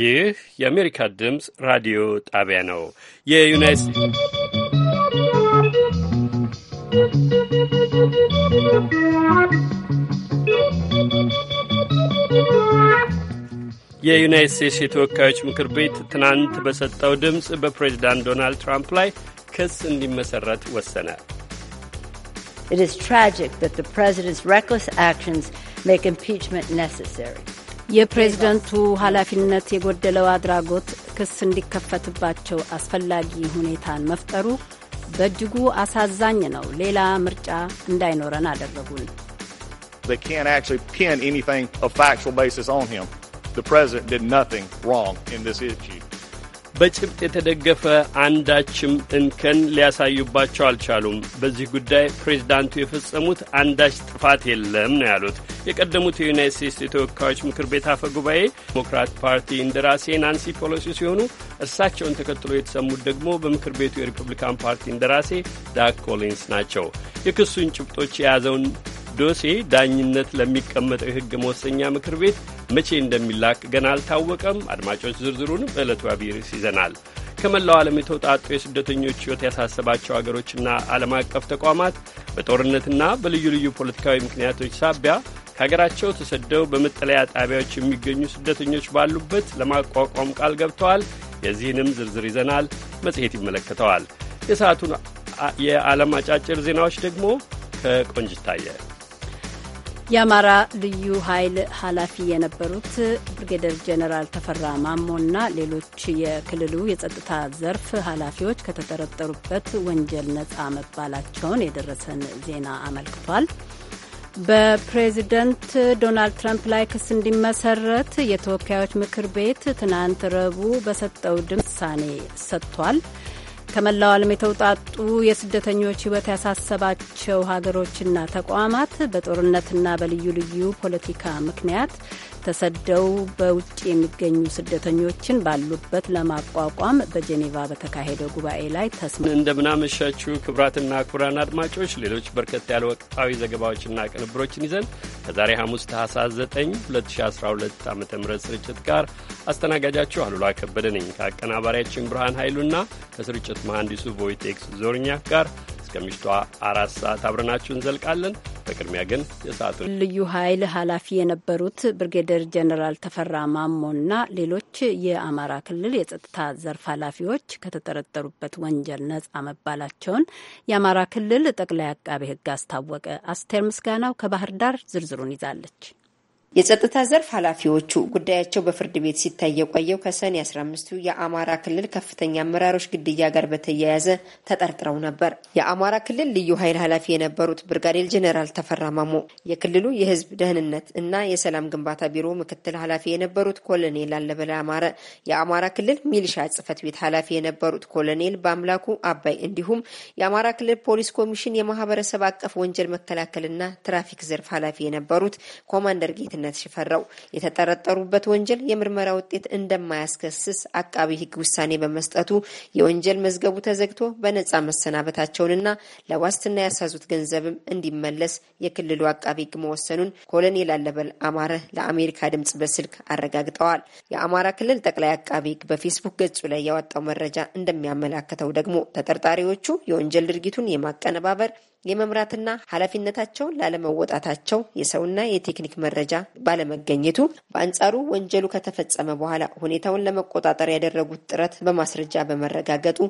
ይህ የአሜሪካ ድምፅ ራዲዮ ጣቢያ ነው። የዩናይት የዩናይት ስቴትስ የተወካዮች ምክር ቤት ትናንት በሰጠው ድምፅ በፕሬዚዳንት ዶናልድ ትራምፕ ላይ ክስ እንዲመሰረት ወሰነ። It is tragic that the president's reckless actions make impeachment necessary. የፕሬዝደንቱ ኃላፊነት የጎደለው አድራጎት ክስ እንዲከፈትባቸው አስፈላጊ ሁኔታን መፍጠሩ በእጅጉ አሳዛኝ ነው። ሌላ ምርጫ እንዳይኖረን አደረጉን። ፕሬዚደንት በጭብጥ የተደገፈ አንዳችም እንከን ሊያሳዩባቸው አልቻሉም። በዚህ ጉዳይ ፕሬዚዳንቱ የፈጸሙት አንዳች ጥፋት የለም ነው ያሉት። የቀደሙት የዩናይት ስቴትስ የተወካዮች ምክር ቤት አፈ ጉባኤ ዲሞክራት ፓርቲ እንደራሴ ናንሲ ፖሎሲ ሲሆኑ እርሳቸውን ተከትሎ የተሰሙት ደግሞ በምክር ቤቱ የሪፐብሊካን ፓርቲ እንደራሴ ዳክ ኮሊንስ ናቸው። የክሱን ጭብጦች የያዘውን ዶሴ ዳኝነት ለሚቀመጠው የህግ መወሰኛ ምክር ቤት መቼ እንደሚላክ ገና አልታወቀም። አድማጮች ዝርዝሩን በዕለቱ አቢርስ ይዘናል። ከመላው ዓለም የተውጣጡ የስደተኞች ሕይወት ያሳሰባቸው አገሮችና ዓለም አቀፍ ተቋማት በጦርነትና በልዩ ልዩ ፖለቲካዊ ምክንያቶች ሳቢያ ከሀገራቸው ተሰደው በመጠለያ ጣቢያዎች የሚገኙ ስደተኞች ባሉበት ለማቋቋም ቃል ገብተዋል። የዚህንም ዝርዝር ይዘናል። መጽሔት ይመለከተዋል። የሰዓቱን የዓለም አጫጭር ዜናዎች ደግሞ ከቆንጅታየ የአማራ ልዩ ኃይል ኃላፊ የነበሩት ብርጌደር ጀነራል ተፈራ ማሞና ሌሎች የክልሉ የጸጥታ ዘርፍ ኃላፊዎች ከተጠረጠሩበት ወንጀል ነጻ መባላቸውን የደረሰን ዜና አመልክቷል። በፕሬዚደንት ዶናልድ ትራምፕ ላይ ክስ እንዲመሰረት የተወካዮች ምክር ቤት ትናንት ረቡዕ በሰጠው ድምፅ ውሳኔ ሰጥቷል። ከመላው ዓለም የተውጣጡ የስደተኞች ሕይወት ያሳሰባቸው ሀገሮችና ተቋማት በጦርነትና በልዩ ልዩ ፖለቲካ ምክንያት ተሰደው በውጭ የሚገኙ ስደተኞችን ባሉበት ለማቋቋም በጄኔቫ በተካሄደው ጉባኤ ላይ ተስማ እንደምናመሻችሁ ክብራትና ክቡራን አድማጮች ሌሎች በርከት ያለ ወቅታዊ ዘገባዎችና ቅንብሮችን ይዘን ከዛሬ ሐሙስ ታህሳስ 9 2012 ዓ ም ስርጭት ጋር አስተናጋጃችሁ አሉላ ከበደ ነኝ ከአቀናባሪያችን ብርሃን ኃይሉና ከስርጭት መሐንዲሱ ቮይቴክስ ዞርኛክ ጋር እስከ ምሽቷ አራት ሰዓት አብረናችሁ እንዘልቃለን። በቅድሚያ ግን የሰዓቱን ልዩ ኃይል ኃላፊ የነበሩት ብርጌደር ጀኔራል ተፈራ ማሞና ሌሎች የአማራ ክልል የጸጥታ ዘርፍ ኃላፊዎች ከተጠረጠሩበት ወንጀል ነጻ መባላቸውን የአማራ ክልል ጠቅላይ አቃቤ ሕግ አስታወቀ። አስቴር ምስጋናው ከባህር ዳር ዝርዝሩን ይዛለች። የጸጥታ ዘርፍ ኃላፊዎቹ ጉዳያቸው በፍርድ ቤት ሲታይ የቆየው ከሰኔ 15ቱ የአማራ ክልል ከፍተኛ አመራሮች ግድያ ጋር በተያያዘ ተጠርጥረው ነበር። የአማራ ክልል ልዩ ኃይል ኃላፊ የነበሩት ብርጋዴር ጄኔራል ተፈራ ማሞ፣ የክልሉ የህዝብ ደህንነት እና የሰላም ግንባታ ቢሮ ምክትል ኃላፊ የነበሩት ኮሎኔል አለበላ አማረ፣ የአማራ ክልል ሚሊሻ ጽህፈት ቤት ኃላፊ የነበሩት ኮሎኔል በአምላኩ አባይ እንዲሁም የአማራ ክልል ፖሊስ ኮሚሽን የማህበረሰብ አቀፍ ወንጀል መከላከልና ትራፊክ ዘርፍ ኃላፊ የነበሩት ኮማንደር ጌትነ ገነት ሽፈራው የተጠረጠሩበት ወንጀል የምርመራ ውጤት እንደማያስከስስ አቃቢ ሕግ ውሳኔ በመስጠቱ የወንጀል መዝገቡ ተዘግቶ በነጻ መሰናበታቸውንና ለዋስትና ያሳዙት ገንዘብም እንዲመለስ የክልሉ አቃቢ ሕግ መወሰኑን ኮሎኔል አለበል አማረ ለአሜሪካ ድምጽ በስልክ አረጋግጠዋል። የአማራ ክልል ጠቅላይ አቃቢ ሕግ በፌስቡክ ገጹ ላይ ያወጣው መረጃ እንደሚያመላክተው ደግሞ ተጠርጣሪዎቹ የወንጀል ድርጊቱን የማቀነባበር የመምራትና ኃላፊነታቸውን ላለመወጣታቸው የሰውና የቴክኒክ መረጃ ባለመገኘቱ፣ በአንጻሩ ወንጀሉ ከተፈጸመ በኋላ ሁኔታውን ለመቆጣጠር ያደረጉት ጥረት በማስረጃ በመረጋገጡ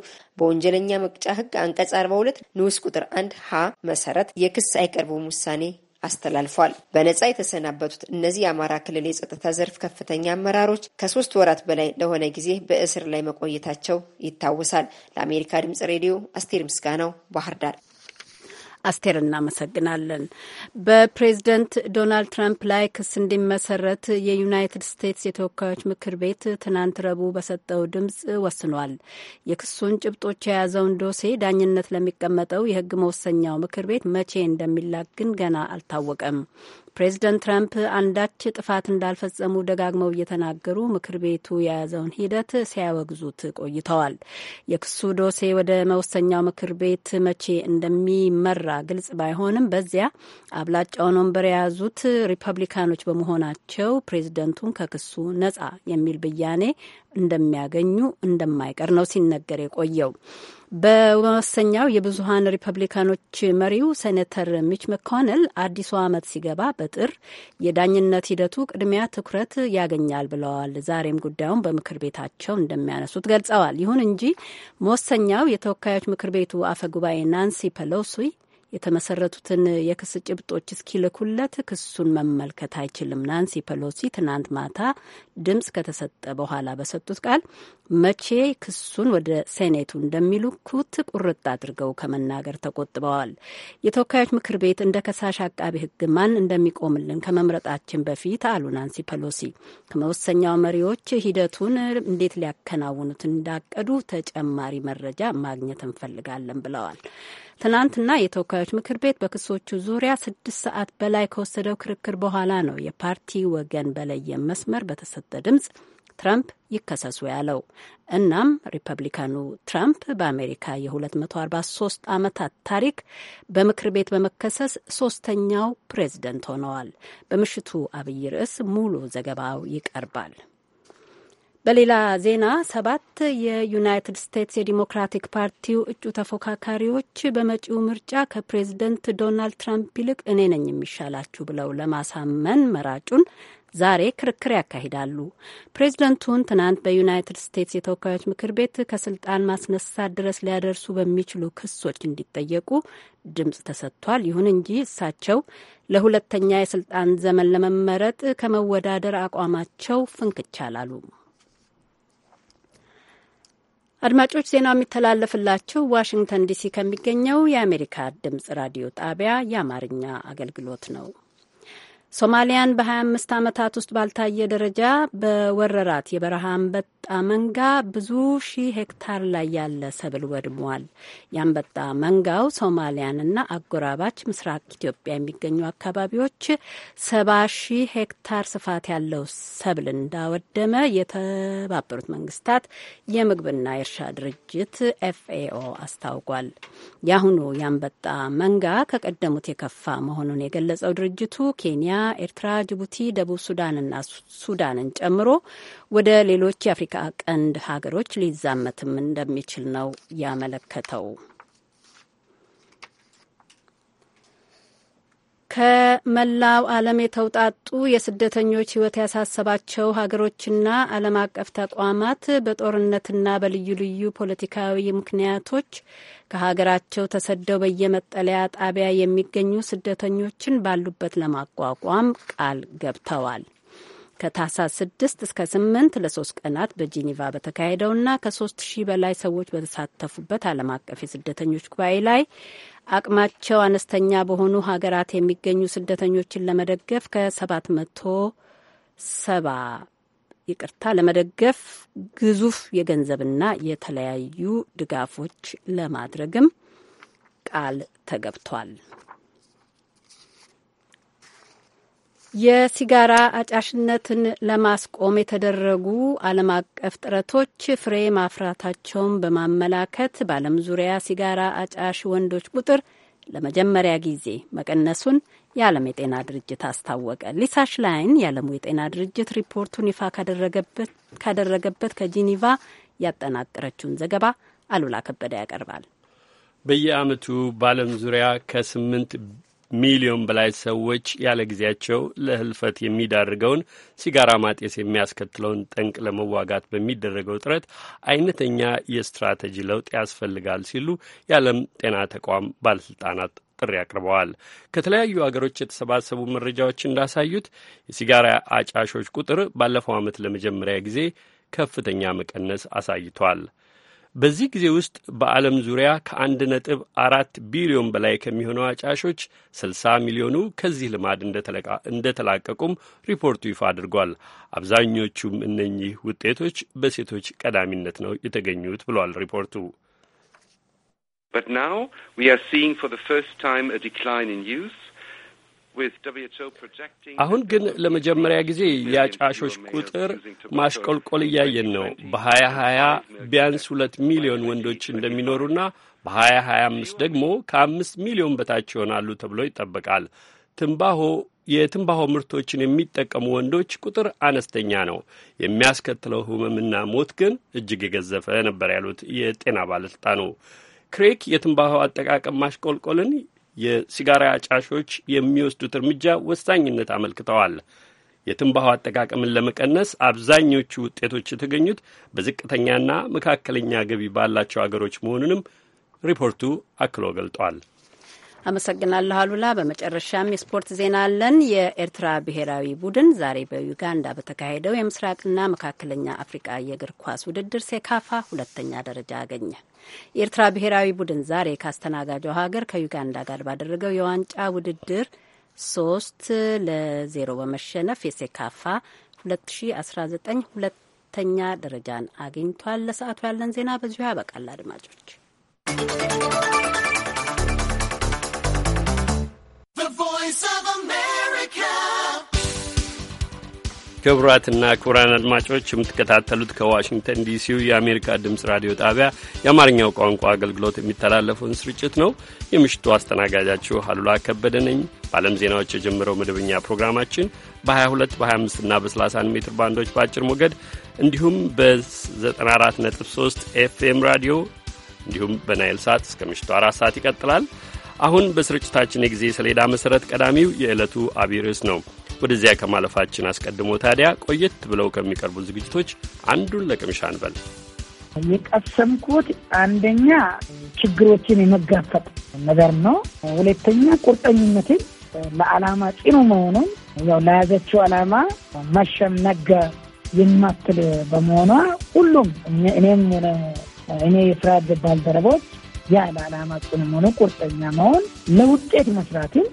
በወንጀለኛ መቅጫ ሕግ አንቀጽ 42 ንዑስ ቁጥር 1 ሀ መሰረት የክስ አይቀርቡም ውሳኔ አስተላልፏል። በነጻ የተሰናበቱት እነዚህ የአማራ ክልል የጸጥታ ዘርፍ ከፍተኛ አመራሮች ከሶስት ወራት በላይ ለሆነ ጊዜ በእስር ላይ መቆየታቸው ይታወሳል። ለአሜሪካ ድምጽ ሬዲዮ አስቴር ምስጋናው ባህር ዳር። አስቴር እናመሰግናለን። በፕሬዝደንት ዶናልድ ትራምፕ ላይ ክስ እንዲመሰረት የዩናይትድ ስቴትስ የተወካዮች ምክር ቤት ትናንት ረቡዕ በሰጠው ድምፅ ወስኗል። የክሱን ጭብጦች የያዘውን ዶሴ ዳኝነት ለሚቀመጠው የህግ መወሰኛው ምክር ቤት መቼ እንደሚላክ ግን ገና አልታወቀም። ፕሬዚደንት ትራምፕ አንዳች ጥፋት እንዳልፈጸሙ ደጋግመው እየተናገሩ ምክር ቤቱ የያዘውን ሂደት ሲያወግዙት ቆይተዋል። የክሱ ዶሴ ወደ መወሰኛው ምክር ቤት መቼ እንደሚመራ ግልጽ ባይሆንም በዚያ አብላጫውን ወንበር የያዙት ሪፐብሊካኖች በመሆናቸው ፕሬዚደንቱን ከክሱ ነጻ የሚል ብያኔ እንደሚያገኙ እንደማይቀር ነው ሲነገር የቆየው። በመወሰኛው የብዙሀን ሪፐብሊካኖች መሪው ሴኔተር ሚች መኮንል አዲሱ ዓመት ሲገባ በጥር የዳኝነት ሂደቱ ቅድሚያ ትኩረት ያገኛል ብለዋል። ዛሬም ጉዳዩን በምክር ቤታቸው እንደሚያነሱት ገልጸዋል። ይሁን እንጂ መወሰኛው የተወካዮች ምክር ቤቱ አፈ ጉባኤ ናንሲ ፐሎሲ የተመሰረቱትን የክስ ጭብጦች እስኪልኩለት ክሱን መመልከት አይችልም። ናንሲ ፐሎሲ ትናንት ማታ ድምፅ ከተሰጠ በኋላ በሰጡት ቃል መቼ ክሱን ወደ ሴኔቱ እንደሚልኩት ቁርጥ አድርገው ከመናገር ተቆጥበዋል። የተወካዮች ምክር ቤት እንደ ከሳሽ አቃቢ ሕግ ማን እንደሚቆምልን ከመምረጣችን በፊት አሉ ናንሲ ፐሎሲ ከመወሰኛው መሪዎች ሂደቱን እንዴት ሊያከናውኑት እንዳቀዱ ተጨማሪ መረጃ ማግኘት እንፈልጋለን ብለዋል። ትናንትና የተወካዮች ምክር ቤት በክሶቹ ዙሪያ ስድስት ሰዓት በላይ ከወሰደው ክርክር በኋላ ነው የፓርቲ ወገን በለየ መስመር በተሰጠ ድምፅ ትራምፕ ይከሰሱ ያለው። እናም ሪፐብሊካኑ ትራምፕ በአሜሪካ የ243 ዓመታት ታሪክ በምክር ቤት በመከሰስ ሶስተኛው ፕሬዝደንት ሆነዋል። በምሽቱ አብይ ርዕስ ሙሉ ዘገባው ይቀርባል። በሌላ ዜና ሰባት የዩናይትድ ስቴትስ የዲሞክራቲክ ፓርቲው እጩ ተፎካካሪዎች በመጪው ምርጫ ከፕሬዝደንት ዶናልድ ትራምፕ ይልቅ እኔ ነኝ የሚሻላችሁ ብለው ለማሳመን መራጩን ዛሬ ክርክር ያካሂዳሉ። ፕሬዝደንቱን ትናንት በዩናይትድ ስቴትስ የተወካዮች ምክር ቤት ከስልጣን ማስነሳት ድረስ ሊያደርሱ በሚችሉ ክሶች እንዲጠየቁ ድምፅ ተሰጥቷል። ይሁን እንጂ እሳቸው ለሁለተኛ የስልጣን ዘመን ለመመረጥ ከመወዳደር አቋማቸው ፍንክቻ አላሉ። አድማጮች ዜናው የሚተላለፍላችሁ ዋሽንግተን ዲሲ ከሚገኘው የአሜሪካ ድምጽ ራዲዮ ጣቢያ የአማርኛ አገልግሎት ነው። ሶማሊያን በ25 ዓመታት ውስጥ ባልታየ ደረጃ በወረራት የበረሃ አንበጣ መንጋ ብዙ ሺህ ሄክታር ላይ ያለ ሰብል ወድሟል። የአንበጣ መንጋው ሶማሊያንና አጎራባች ምስራቅ ኢትዮጵያ የሚገኙ አካባቢዎች ሰባ ሺህ ሄክታር ስፋት ያለው ሰብል እንዳወደመ የተባበሩት መንግስታት የምግብና የእርሻ ድርጅት ኤፍኤኦ አስታውቋል። የአሁኑ የአንበጣ መንጋ ከቀደሙት የከፋ መሆኑን የገለጸው ድርጅቱ ኬንያ ኤርትራ፣ ጅቡቲ፣ ደቡብ ሱዳንና ሱዳንን ጨምሮ ወደ ሌሎች የአፍሪካ ቀንድ ሀገሮች ሊዛመትም እንደሚችል ነው ያመለከተው። ከመላው ዓለም የተውጣጡ የስደተኞች ሕይወት ያሳሰባቸው ሀገሮችና ዓለም አቀፍ ተቋማት በጦርነትና በልዩ ልዩ ፖለቲካዊ ምክንያቶች ከሀገራቸው ተሰደው በየመጠለያ ጣቢያ የሚገኙ ስደተኞችን ባሉበት ለማቋቋም ቃል ገብተዋል። ከታህሳስ 6 እስከ 8 ለሶስት ቀናት በጄኔቫ በተካሄደውና ከ3 ሺህ በላይ ሰዎች በተሳተፉበት ዓለም አቀፍ የስደተኞች ጉባኤ ላይ አቅማቸው አነስተኛ በሆኑ ሀገራት የሚገኙ ስደተኞችን ለመደገፍ ከሰባት መቶ ሰባ ይቅርታ ለመደገፍ ግዙፍ የገንዘብና የተለያዩ ድጋፎች ለማድረግም ቃል ተገብቷል። የሲጋራ አጫሽነትን ለማስቆም የተደረጉ ዓለም አቀፍ ጥረቶች ፍሬ ማፍራታቸውን በማመላከት በዓለም ዙሪያ ሲጋራ አጫሽ ወንዶች ቁጥር ለመጀመሪያ ጊዜ መቀነሱን የዓለም የጤና ድርጅት አስታወቀ። ሊሳ ሽላይን የዓለሙ የጤና ድርጅት ሪፖርቱን ይፋ ካደረገበት ከጂኒቫ ያጠናቀረችውን ዘገባ አሉላ ከበደ ያቀርባል። በየዓመቱ በዓለም ዙሪያ ከስምንት ሚሊዮን በላይ ሰዎች ያለ ጊዜያቸው ለህልፈት የሚዳርገውን ሲጋራ ማጤስ የሚያስከትለውን ጠንቅ ለመዋጋት በሚደረገው ጥረት አይነተኛ የስትራቴጂ ለውጥ ያስፈልጋል ሲሉ የዓለም ጤና ተቋም ባለስልጣናት ጥሪ አቅርበዋል። ከተለያዩ አገሮች የተሰባሰቡ መረጃዎች እንዳሳዩት የሲጋራ አጫሾች ቁጥር ባለፈው ዓመት ለመጀመሪያ ጊዜ ከፍተኛ መቀነስ አሳይቷል። በዚህ ጊዜ ውስጥ በዓለም ዙሪያ ከአንድ ነጥብ አራት ቢሊዮን በላይ ከሚሆኑ አጫሾች 60 ሚሊዮኑ ከዚህ ልማድ እንደተላቀቁም ሪፖርቱ ይፋ አድርጓል። አብዛኞቹም እነኚህ ውጤቶች በሴቶች ቀዳሚነት ነው የተገኙት ብሏል ሪፖርቱ። But now we are seeing for the first time a decline in youth. አሁን ግን ለመጀመሪያ ጊዜ የአጫሾች ቁጥር ማሽቆልቆል እያየን ነው። በሀያ ሀያ ቢያንስ ሁለት ሚሊዮን ወንዶች እንደሚኖሩና በሀያ ሀያ አምስት ደግሞ ከአምስት ሚሊዮን በታች ይሆናሉ ተብሎ ይጠበቃል። ትንባሆ የትንባሆ ምርቶችን የሚጠቀሙ ወንዶች ቁጥር አነስተኛ ነው። የሚያስከትለው ሕመምና ሞት ግን እጅግ የገዘፈ ነበር ያሉት የጤና ባለስልጣኑ ክሬክ የትንባሆ አጠቃቀም ማሽቆልቆልን የሲጋራ ጫሾች የሚወስዱት እርምጃ ወሳኝነት አመልክተዋል። የትንባሆ አጠቃቀምን ለመቀነስ አብዛኞቹ ውጤቶች የተገኙት በዝቅተኛና መካከለኛ ገቢ ባላቸው አገሮች መሆኑንም ሪፖርቱ አክሎ ገልጧል። አመሰግናለሁ አሉላ። በመጨረሻም የስፖርት ዜና አለን። የኤርትራ ብሔራዊ ቡድን ዛሬ በዩጋንዳ በተካሄደው የምስራቅና መካከለኛ አፍሪቃ የእግር ኳስ ውድድር ሴካፋ ሁለተኛ ደረጃ አገኘ። የኤርትራ ብሔራዊ ቡድን ዛሬ ካስተናጋጀው ሀገር ከዩጋንዳ ጋር ባደረገው የዋንጫ ውድድር ሶስት ለዜሮ በመሸነፍ የሴካፋ 2019 ሁለተኛ ደረጃን አግኝቷል። ለሰዓቱ ያለን ዜና በዚሁ ያበቃል አድማጮች። ክቡራትና ክቡራን አድማጮች የምትከታተሉት ከዋሽንግተን ዲሲው የአሜሪካ ድምፅ ራዲዮ ጣቢያ የአማርኛው ቋንቋ አገልግሎት የሚተላለፈውን ስርጭት ነው። የምሽቱ አስተናጋጃችሁ አሉላ ከበደ ነኝ። በዓለም ዜናዎች የጀመረው መደበኛ ፕሮግራማችን በ22 በ25 እና በ31 ሜትር ባንዶች በአጭር ሞገድ እንዲሁም በ94.3 ኤፍኤም ራዲዮ እንዲሁም በናይል ሳት እስከ ምሽቱ አራት ሰዓት ይቀጥላል። አሁን በስርጭታችን የጊዜ ሰሌዳ መሠረት ቀዳሚው የዕለቱ አብይ ርዕስ ነው። ወደዚያ ከማለፋችን አስቀድሞ ታዲያ ቆየት ብለው ከሚቀርቡ ዝግጅቶች አንዱን ለቅምሻ እንበል። የቀሰምኩት አንደኛ ችግሮችን የመጋፈጥ ነገር ነው። ሁለተኛ ቁርጠኝነትን ለዓላማ ጽኑ መሆኑን ያው ለያዘችው ዓላማ መሸምነገ የማትል በመሆኗ ሁሉም እኔም እኔ የስራ ባልደረቦች ያ ለዓላማችንም ሆነ ቁርጠኛ መሆን ለውጤት መስራትን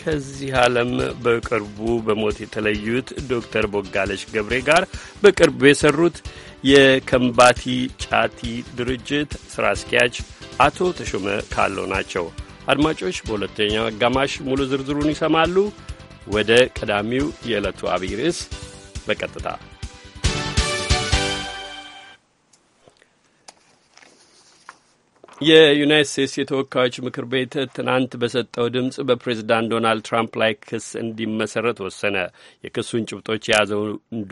ከዚህ ዓለም በቅርቡ በሞት የተለዩት ዶክተር ቦጋለሽ ገብሬ ጋር በቅርቡ የሰሩት የከምባቲ ጫቲ ድርጅት ስራ አስኪያጅ አቶ ተሾመ ካለው ናቸው። አድማጮች በሁለተኛው አጋማሽ ሙሉ ዝርዝሩን ይሰማሉ። ወደ ቀዳሚው የዕለቱ አብይ ርዕስ በቀጥታ የዩናይት ስቴትስ የተወካዮች ምክር ቤት ትናንት በሰጠው ድምፅ በፕሬዝዳንት ዶናልድ ትራምፕ ላይ ክስ እንዲመሰረት ወሰነ። የክሱን ጭብጦች የያዘው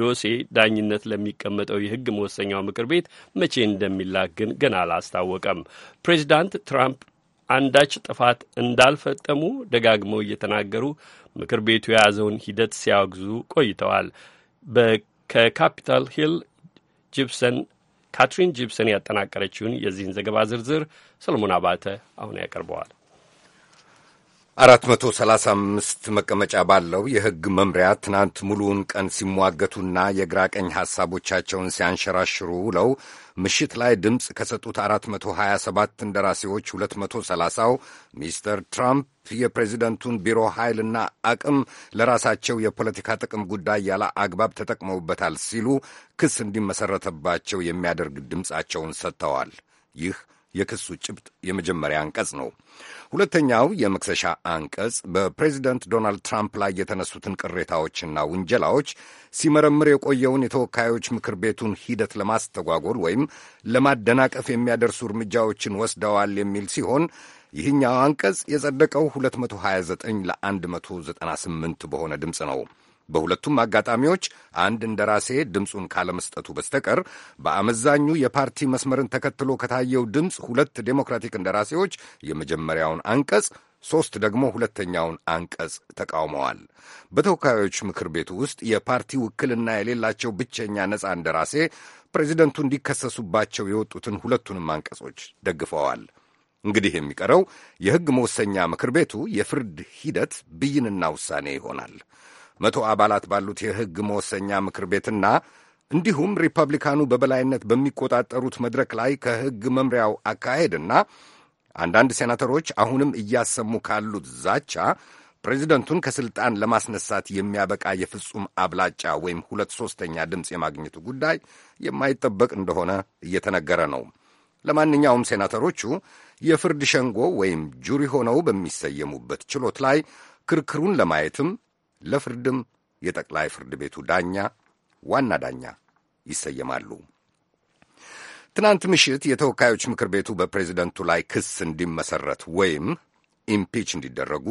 ዶሴ ዳኝነት ለሚቀመጠው የሕግ መወሰኛው ምክር ቤት መቼ እንደሚላክ ግን ገና አላስታወቀም። ፕሬዝዳንት ትራምፕ አንዳች ጥፋት እንዳልፈጠሙ ደጋግመው እየተናገሩ ምክር ቤቱ የያዘውን ሂደት ሲያወግዙ ቆይተዋል። ከካፒታል ሂል ጂፕሰን ካትሪን ጂፕሰን ያጠናቀረችውን የዚህን ዘገባ ዝርዝር ሰለሞን አባተ አሁን ያቀርበዋል። 435 መቀመጫ ባለው የሕግ መምሪያ ትናንት ሙሉውን ቀን ሲሟገቱና የግራ ቀኝ ሐሳቦቻቸውን ሲያንሸራሽሩ ውለው ምሽት ላይ ድምፅ ከሰጡት 427 እንደራሴዎች 230ው ሚስተር ትራምፕ የፕሬዚደንቱን ቢሮ ኃይልና አቅም ለራሳቸው የፖለቲካ ጥቅም ጉዳይ ያለ አግባብ ተጠቅመውበታል ሲሉ ክስ እንዲመሠረተባቸው የሚያደርግ ድምፃቸውን ሰጥተዋል። ይህ የክሱ ጭብጥ የመጀመሪያ አንቀጽ ነው። ሁለተኛው የመክሰሻ አንቀጽ በፕሬዚደንት ዶናልድ ትራምፕ ላይ የተነሱትን ቅሬታዎችና ውንጀላዎች ሲመረምር የቆየውን የተወካዮች ምክር ቤቱን ሂደት ለማስተጓጎል ወይም ለማደናቀፍ የሚያደርሱ እርምጃዎችን ወስደዋል የሚል ሲሆን ይህኛው አንቀጽ የጸደቀው 229 ለ198 በሆነ ድምፅ ነው። በሁለቱም አጋጣሚዎች አንድ እንደራሴ ድምፁን ካለመስጠቱ በስተቀር በአመዛኙ የፓርቲ መስመርን ተከትሎ ከታየው ድምፅ ሁለት ዴሞክራቲክ እንደራሴዎች የመጀመሪያውን አንቀጽ ሦስት ደግሞ ሁለተኛውን አንቀጽ ተቃውመዋል። በተወካዮች ምክር ቤቱ ውስጥ የፓርቲ ውክልና የሌላቸው ብቸኛ ነፃ እንደራሴ ፕሬዚደንቱ እንዲከሰሱባቸው የወጡትን ሁለቱንም አንቀጾች ደግፈዋል። እንግዲህ የሚቀረው የሕግ መወሰኛ ምክር ቤቱ የፍርድ ሂደት ብይንና ውሳኔ ይሆናል። መቶ አባላት ባሉት የሕግ መወሰኛ ምክር ቤትና እንዲሁም ሪፐብሊካኑ በበላይነት በሚቆጣጠሩት መድረክ ላይ ከሕግ መምሪያው አካሄድና አንዳንድ ሴናተሮች አሁንም እያሰሙ ካሉት ዛቻ ፕሬዚደንቱን ከሥልጣን ለማስነሳት የሚያበቃ የፍጹም አብላጫ ወይም ሁለት ሦስተኛ ድምፅ የማግኘቱ ጉዳይ የማይጠበቅ እንደሆነ እየተነገረ ነው። ለማንኛውም ሴናተሮቹ የፍርድ ሸንጎ ወይም ጁሪ ሆነው በሚሰየሙበት ችሎት ላይ ክርክሩን ለማየትም ለፍርድም የጠቅላይ ፍርድ ቤቱ ዳኛ ዋና ዳኛ ይሰየማሉ። ትናንት ምሽት የተወካዮች ምክር ቤቱ በፕሬዚደንቱ ላይ ክስ እንዲመሰረት ወይም ኢምፒች እንዲደረጉ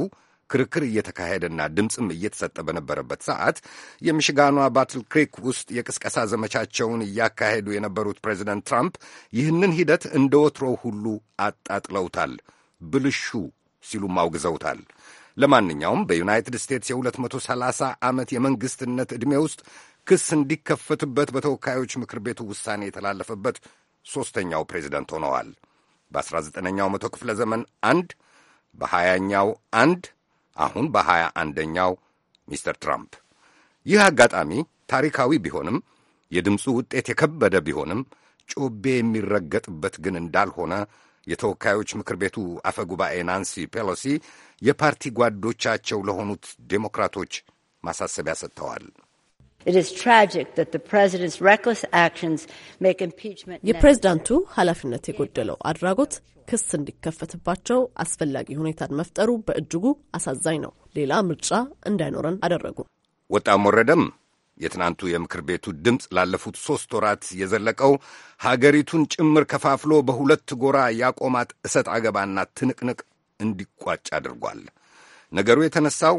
ክርክር እየተካሄደና ድምፅም እየተሰጠ በነበረበት ሰዓት የሚሽጋኗ ባትል ክሪክ ውስጥ የቅስቀሳ ዘመቻቸውን እያካሄዱ የነበሩት ፕሬዚደንት ትራምፕ ይህንን ሂደት እንደ ወትሮው ሁሉ አጣጥለውታል፣ ብልሹ ሲሉም አውግዘውታል። ለማንኛውም በዩናይትድ ስቴትስ የ230 ዓመት የመንግሥትነት ዕድሜ ውስጥ ክስ እንዲከፈትበት በተወካዮች ምክር ቤቱ ውሳኔ የተላለፈበት ሦስተኛው ፕሬዚደንት ሆነዋል። በ19ኛው መቶ ክፍለ ዘመን አንድ፣ በ20ኛው አንድ፣ አሁን በሀያ አንደኛው ሚስተር ትራምፕ። ይህ አጋጣሚ ታሪካዊ ቢሆንም የድምፁ ውጤት የከበደ ቢሆንም ጮቤ የሚረገጥበት ግን እንዳልሆነ የተወካዮች ምክር ቤቱ አፈ ጉባኤ ናንሲ ፔሎሲ የፓርቲ ጓዶቻቸው ለሆኑት ዴሞክራቶች ማሳሰቢያ ሰጥተዋል። የፕሬዝዳንቱ ኃላፊነት የጎደለው አድራጎት ክስ እንዲከፈትባቸው አስፈላጊ ሁኔታን መፍጠሩ በእጅጉ አሳዛኝ ነው። ሌላ ምርጫ እንዳይኖረን አደረጉ። ወጣም ወረደም የትናንቱ የምክር ቤቱ ድምፅ ላለፉት ሦስት ወራት የዘለቀው ሀገሪቱን ጭምር ከፋፍሎ በሁለት ጎራ ያቆማት እሰጥ አገባና ትንቅንቅ እንዲቋጭ አድርጓል። ነገሩ የተነሳው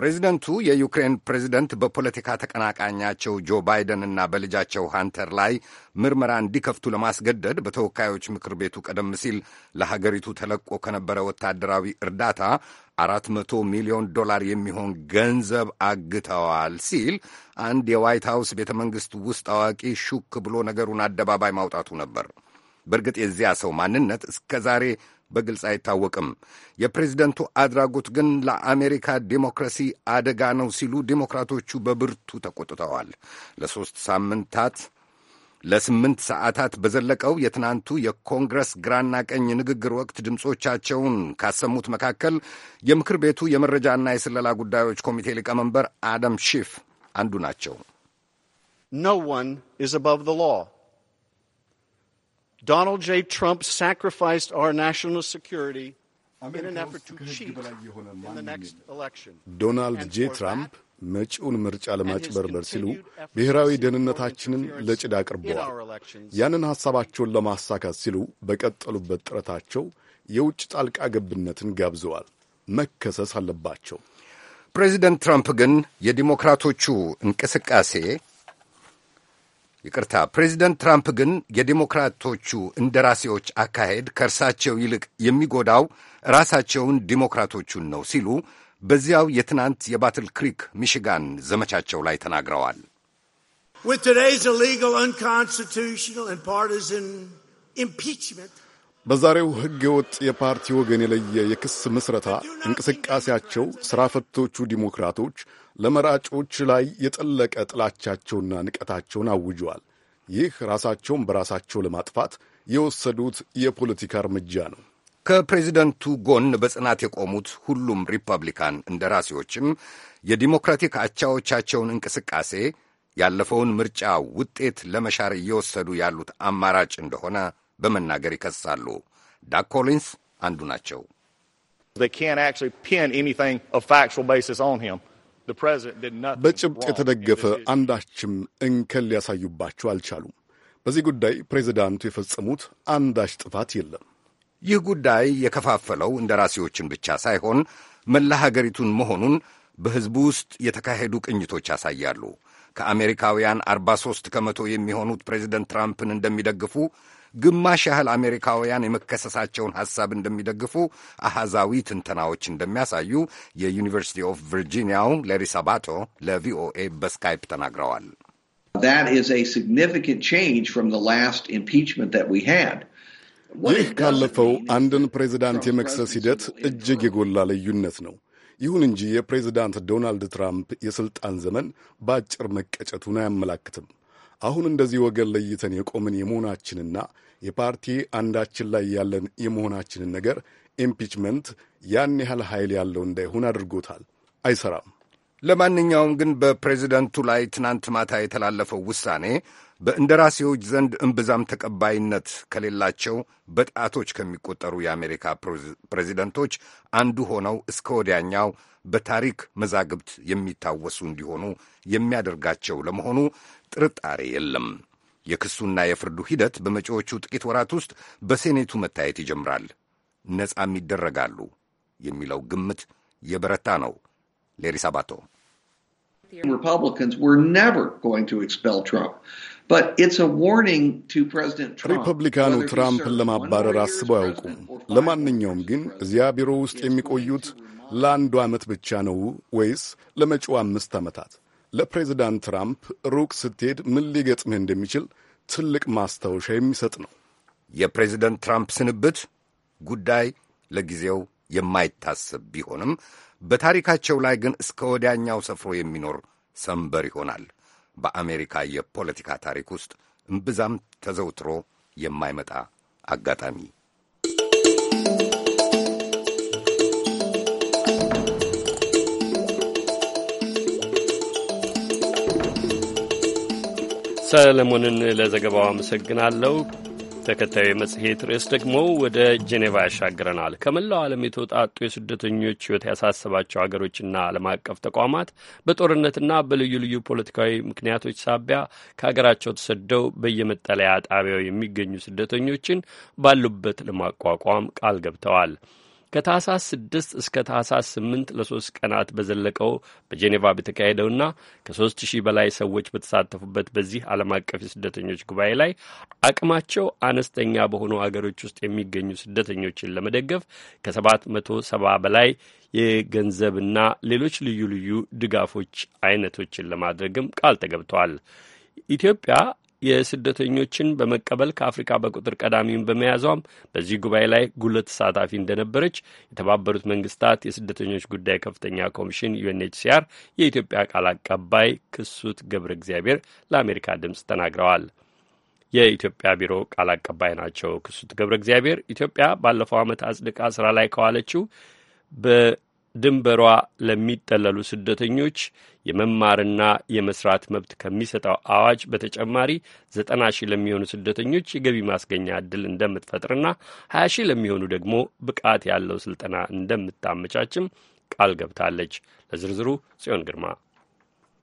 ፕሬዚደንቱ የዩክሬን ፕሬዚደንት በፖለቲካ ተቀናቃኛቸው ጆ ባይደን እና በልጃቸው ሃንተር ላይ ምርመራ እንዲከፍቱ ለማስገደድ በተወካዮች ምክር ቤቱ ቀደም ሲል ለሀገሪቱ ተለቆ ከነበረ ወታደራዊ እርዳታ አራት መቶ ሚሊዮን ዶላር የሚሆን ገንዘብ አግተዋል ሲል አንድ የዋይት ሀውስ ቤተ መንግሥት ውስጥ አዋቂ ሹክ ብሎ ነገሩን አደባባይ ማውጣቱ ነበር። በእርግጥ የዚያ ሰው ማንነት እስከ ዛሬ በግልጽ አይታወቅም። የፕሬዝደንቱ አድራጎት ግን ለአሜሪካ ዲሞክራሲ አደጋ ነው ሲሉ ዴሞክራቶቹ በብርቱ ተቆጥተዋል። ለሦስት ሳምንታት ለስምንት ሰዓታት በዘለቀው የትናንቱ የኮንግረስ ግራና ቀኝ ንግግር ወቅት ድምፆቻቸውን ካሰሙት መካከል የምክር ቤቱ የመረጃና የስለላ ጉዳዮች ኮሚቴ ሊቀመንበር አደም ሺፍ አንዱ ናቸው። No Donald J. Trump sacrificed our national security in an effort to cheat in the next election. Donald J. Trump መጪውን ምርጫ ለማጭበርበር ሲሉ ብሔራዊ ደህንነታችንን ለጭድ አቅርበዋል። ያንን ሐሳባቸውን ለማሳካት ሲሉ በቀጠሉበት ጥረታቸው የውጭ ጣልቃ ገብነትን ጋብዘዋል። መከሰስ አለባቸው። ፕሬዚደንት ትራምፕ ግን የዲሞክራቶቹ እንቅስቃሴ ይቅርታ፣ ፕሬዚደንት ትራምፕ ግን የዲሞክራቶቹ እንደራሴዎች አካሄድ ከእርሳቸው ይልቅ የሚጎዳው ራሳቸውን ዲሞክራቶቹን ነው ሲሉ በዚያው የትናንት የባትል ክሪክ ሚሽጋን ዘመቻቸው ላይ ተናግረዋል። በዛሬው ሕገ ወጥ የፓርቲ ወገን የለየ የክስ ምስረታ እንቅስቃሴያቸው ሥራ ፈቶቹ ዲሞክራቶች ለመራጮች ላይ የጠለቀ ጥላቻቸውና ንቀታቸውን አውጀዋል። ይህ ራሳቸውን በራሳቸው ለማጥፋት የወሰዱት የፖለቲካ እርምጃ ነው። ከፕሬዚደንቱ ጎን በጽናት የቆሙት ሁሉም ሪፐብሊካን እንደራሴዎችም የዲሞክራቲክ አቻዎቻቸውን እንቅስቃሴ ያለፈውን ምርጫ ውጤት ለመሻር እየወሰዱ ያሉት አማራጭ እንደሆነ በመናገር ይከሳሉ። ዳክ ኮሊንስ አንዱ ናቸው። They can't actually pin anything of factual basis on him. በጭብጥ የተደገፈ አንዳችም እንከን ሊያሳዩባቸው አልቻሉም። በዚህ ጉዳይ ፕሬዚዳንቱ የፈጸሙት አንዳች ጥፋት የለም። ይህ ጉዳይ የከፋፈለው እንደራሴዎችን ብቻ ሳይሆን መላ ሀገሪቱን መሆኑን በሕዝቡ ውስጥ የተካሄዱ ቅኝቶች ያሳያሉ። ከአሜሪካውያን 43 ከመቶ የሚሆኑት ፕሬዚደንት ትራምፕን እንደሚደግፉ ግማሽ ያህል አሜሪካውያን የመከሰሳቸውን ሐሳብ እንደሚደግፉ አሃዛዊ ትንተናዎች እንደሚያሳዩ የዩኒቨርሲቲ ኦፍ ቨርጂኒያው ሌሪ ሳባቶ ለቪኦኤ በስካይፕ ተናግረዋል። ይህ ካለፈው አንድን ፕሬዚዳንት የመክሰስ ሂደት እጅግ የጎላ ልዩነት ነው። ይሁን እንጂ የፕሬዚዳንት ዶናልድ ትራምፕ የሥልጣን ዘመን በአጭር መቀጨቱን አያመላክትም። አሁን እንደዚህ ወገን ለይተን የቆምን የመሆናችንና የፓርቲ አንዳችን ላይ ያለን የመሆናችንን ነገር ኢምፒችመንት ያን ያህል ኃይል ያለው እንዳይሆን አድርጎታል። አይሰራም። ለማንኛውም ግን በፕሬዚደንቱ ላይ ትናንት ማታ የተላለፈው ውሳኔ በእንደራሴዎች ዘንድ እምብዛም ተቀባይነት ከሌላቸው በጣቶች ከሚቆጠሩ የአሜሪካ ፕሬዚደንቶች አንዱ ሆነው እስከ ወዲያኛው በታሪክ መዛግብት የሚታወሱ እንዲሆኑ የሚያደርጋቸው ለመሆኑ ጥርጣሬ የለም። የክሱና የፍርዱ ሂደት በመጪዎቹ ጥቂት ወራት ውስጥ በሴኔቱ መታየት ይጀምራል። ነጻም ይደረጋሉ የሚለው ግምት የበረታ ነው። ሌሪ ሳባቶ ሪፐብሊካኑ ትራምፕን ለማባረር አስበው አያውቁም። ለማንኛውም ግን እዚያ ቢሮ ውስጥ የሚቆዩት ለአንዱ ዓመት ብቻ ነው ወይስ ለመጪው አምስት ዓመታት? ለፕሬዚዳንት ትራምፕ ሩቅ ስትሄድ ምን ሊገጥምህ እንደሚችል ትልቅ ማስታወሻ የሚሰጥ ነው። የፕሬዚደንት ትራምፕ ስንብት ጉዳይ ለጊዜው የማይታሰብ ቢሆንም በታሪካቸው ላይ ግን እስከ ወዲያኛው ሰፍሮ የሚኖር ሰንበር ይሆናል። በአሜሪካ የፖለቲካ ታሪክ ውስጥ እምብዛም ተዘውትሮ የማይመጣ አጋጣሚ ሰለሞንን ለዘገባው አመሰግናለሁ። ተከታዩ የመጽሔት ርዕስ ደግሞ ወደ ጄኔቫ ያሻግረናል። ከመላው ዓለም የተውጣጡ የስደተኞች ሕይወት ያሳሰባቸው አገሮችና ዓለም አቀፍ ተቋማት በጦርነትና በልዩ ልዩ ፖለቲካዊ ምክንያቶች ሳቢያ ከሀገራቸው ተሰደው በየመጠለያ ጣቢያው የሚገኙ ስደተኞችን ባሉበት ለማቋቋም ቃል ገብተዋል። ከታህሳስ 6 እስከ ታህሳስ 8 ለሶስት ቀናት በዘለቀው በጄኔቫ በተካሄደውና ከ3000 በላይ ሰዎች በተሳተፉበት በዚህ ዓለም አቀፍ የስደተኞች ጉባኤ ላይ አቅማቸው አነስተኛ በሆኑ አገሮች ውስጥ የሚገኙ ስደተኞችን ለመደገፍ ከ770 በላይ የገንዘብና ሌሎች ልዩ ልዩ ድጋፎች አይነቶችን ለማድረግም ቃል ተገብተዋል። ኢትዮጵያ የስደተኞችን በመቀበል ከአፍሪካ በቁጥር ቀዳሚውን በመያዟም በዚህ ጉባኤ ላይ ጉልህ ተሳታፊ እንደነበረች የተባበሩት መንግስታት የስደተኞች ጉዳይ ከፍተኛ ኮሚሽን ዩኤንኤችሲአር የኢትዮጵያ ቃል አቀባይ ክሱት ገብረ እግዚአብሔር ለአሜሪካ ድምፅ ተናግረዋል። የኢትዮጵያ ቢሮ ቃል አቀባይ ናቸው። ክሱት ገብረ እግዚአብሔር ኢትዮጵያ ባለፈው ዓመት አጽድቃ ስራ ላይ ከዋለችው ድንበሯ ለሚጠለሉ ስደተኞች የመማርና የመስራት መብት ከሚሰጠው አዋጅ በተጨማሪ ዘጠና ሺህ ለሚሆኑ ስደተኞች የገቢ ማስገኛ እድል እንደምትፈጥርና ሀያ ሺህ ለሚሆኑ ደግሞ ብቃት ያለው ስልጠና እንደምታመቻችም ቃል ገብታለች። ለዝርዝሩ ጽዮን ግርማ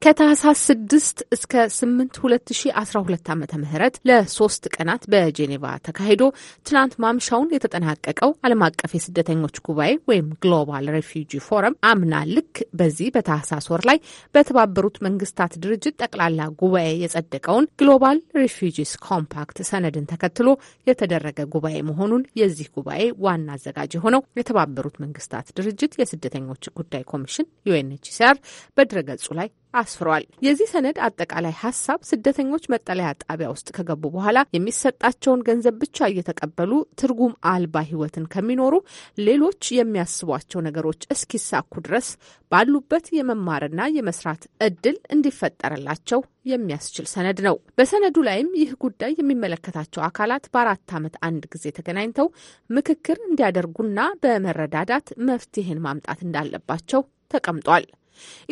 ከታህሳስ 6 እስከ 8 2012 ዓ ም ለሶስት ቀናት በጄኔቫ ተካሂዶ ትናንት ማምሻውን የተጠናቀቀው ዓለም አቀፍ የስደተኞች ጉባኤ ወይም ግሎባል ሬፊጂ ፎረም አምና ልክ በዚህ በታህሳስ ወር ላይ በተባበሩት መንግስታት ድርጅት ጠቅላላ ጉባኤ የጸደቀውን ግሎባል ሬፊጂስ ኮምፓክት ሰነድን ተከትሎ የተደረገ ጉባኤ መሆኑን የዚህ ጉባኤ ዋና አዘጋጅ የሆነው የተባበሩት መንግስታት ድርጅት የስደተኞች ጉዳይ ኮሚሽን ዩኤንኤችሲአር በድረገጹ ላይ አስፍሯል። የዚህ ሰነድ አጠቃላይ ሀሳብ ስደተኞች መጠለያ ጣቢያ ውስጥ ከገቡ በኋላ የሚሰጣቸውን ገንዘብ ብቻ እየተቀበሉ ትርጉም አልባ ህይወትን ከሚኖሩ ሌሎች የሚያስቧቸው ነገሮች እስኪሳኩ ድረስ ባሉበት የመማርና የመስራት እድል እንዲፈጠርላቸው የሚያስችል ሰነድ ነው። በሰነዱ ላይም ይህ ጉዳይ የሚመለከታቸው አካላት በአራት ዓመት አንድ ጊዜ ተገናኝተው ምክክር እንዲያደርጉና በመረዳዳት መፍትሄን ማምጣት እንዳለባቸው ተቀምጧል።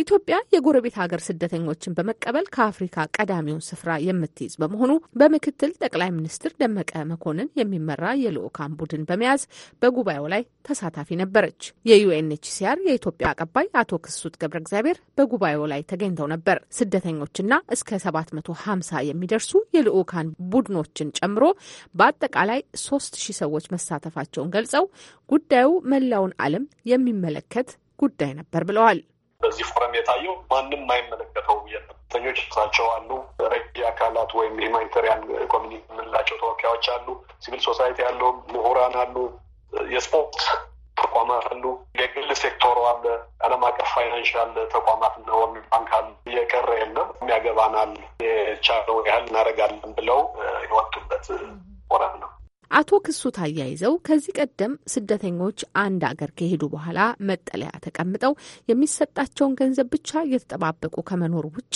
ኢትዮጵያ የጎረቤት ሀገር ስደተኞችን በመቀበል ከአፍሪካ ቀዳሚውን ስፍራ የምትይዝ በመሆኑ በምክትል ጠቅላይ ሚኒስትር ደመቀ መኮንን የሚመራ የልዑካን ቡድን በመያዝ በጉባኤው ላይ ተሳታፊ ነበረች። የዩኤንኤችሲአር የኢትዮጵያ አቀባይ አቶ ክሱት ገብረ እግዚአብሔር በጉባኤው ላይ ተገኝተው ነበር። ስደተኞችና እስከ 750 የሚደርሱ የልዑካን ቡድኖችን ጨምሮ በአጠቃላይ 3000 ሰዎች መሳተፋቸውን ገልጸው ጉዳዩ መላውን ዓለም የሚመለከት ጉዳይ ነበር ብለዋል። በዚህ ፎረም የታየው ማንም የማይመለከተው የሰኞች እሳቸው አሉ፣ ረጂ አካላት ወይም ሂማኒታሪያን ኮሚኒቲ የምንላቸው ተወካዮች አሉ፣ ሲቪል ሶሳይቲ ያለው ምሁራን አሉ፣ የስፖርት ተቋማት አሉ፣ የግል ሴክተሩ አለ፣ ዓለም አቀፍ ፋይናንሻል ተቋማት እና ወርልድ ባንክ አሉ። እየቀረ የለም። የሚያገባናል የቻለው ያህል እናደርጋለን ብለው የወጡበት አቶ ክሱት አያይዘው ከዚህ ቀደም ስደተኞች አንድ አገር ከሄዱ በኋላ መጠለያ ተቀምጠው የሚሰጣቸውን ገንዘብ ብቻ እየተጠባበቁ ከመኖር ውጪ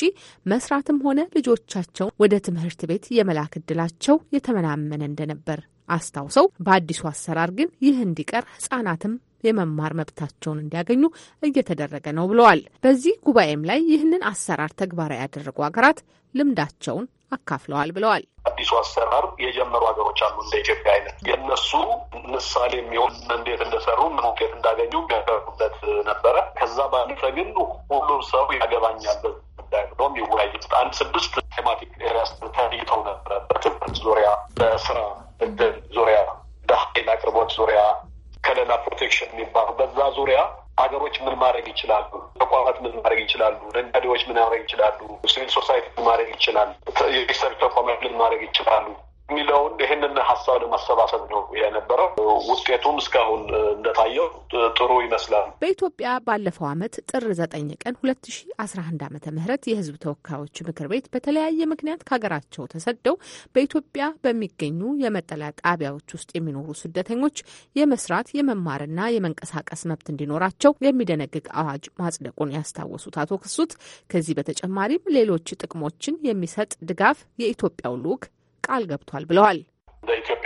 መስራትም ሆነ ልጆቻቸውን ወደ ትምህርት ቤት የመላክ እድላቸው የተመናመነ እንደነበር አስታውሰው በአዲሱ አሰራር ግን ይህ እንዲቀር ህጻናትም የመማር መብታቸውን እንዲያገኙ እየተደረገ ነው ብለዋል። በዚህ ጉባኤም ላይ ይህንን አሰራር ተግባራዊ ያደረጉ ሀገራት ልምዳቸውን አካፍለዋል ብለዋል። አዲሱ አሰራር የጀመሩ ሀገሮች አሉ እንደ ኢትዮጵያ አይነት የእነሱ ምሳሌ የሚሆን እንዴት እንደሰሩ ምን ውጤት እንዳገኙ የሚያቀርቡበት ነበረ። ከዛ ባለፈ ግን ሁሉም ሰው ያገባኛል ጉዳይ ብሎ የሚወያይበት አንድ ስድስት ቴማቲክ ኤሪያስ ተለይተው ነበረ። በትምህርት ዙሪያ፣ በስራ እድል ዙሪያ፣ በኃይል አቅርቦት ዙሪያ፣ ከለላ ፕሮቴክሽን የሚባሉ በዛ ዙሪያ ሀገሮች ምን ማድረግ ይችላሉ፣ ተቋማት ምን ማድረግ ይችላሉ፣ ነጋዴዎች ምን ማድረግ ይችላሉ፣ ሲቪል ሶሳይቲ ምን ማድረግ ይችላል፣ የሪሰርች ተቋማት ምን ማድረግ ይችላሉ የሚለውን ይህንን ሀሳብ ለማሰባሰብ ነው የነበረው። ውጤቱም እስካሁን እንደታየው ጥሩ ይመስላል። በኢትዮጵያ ባለፈው ዓመት ጥር ዘጠኝ ቀን ሁለት ሺ አስራ አንድ አመተ ምህረት የህዝብ ተወካዮች ምክር ቤት በተለያየ ምክንያት ከሀገራቸው ተሰደው በኢትዮጵያ በሚገኙ የመጠለያ ጣቢያዎች ውስጥ የሚኖሩ ስደተኞች የመስራት የመማርና የመንቀሳቀስ መብት እንዲኖራቸው የሚደነግግ አዋጅ ማጽደቁን ያስታወሱት አቶ ክሱት ከዚህ በተጨማሪም ሌሎች ጥቅሞችን የሚሰጥ ድጋፍ የኢትዮጵያው ልዑክ ቃል ገብቷል ብለዋል።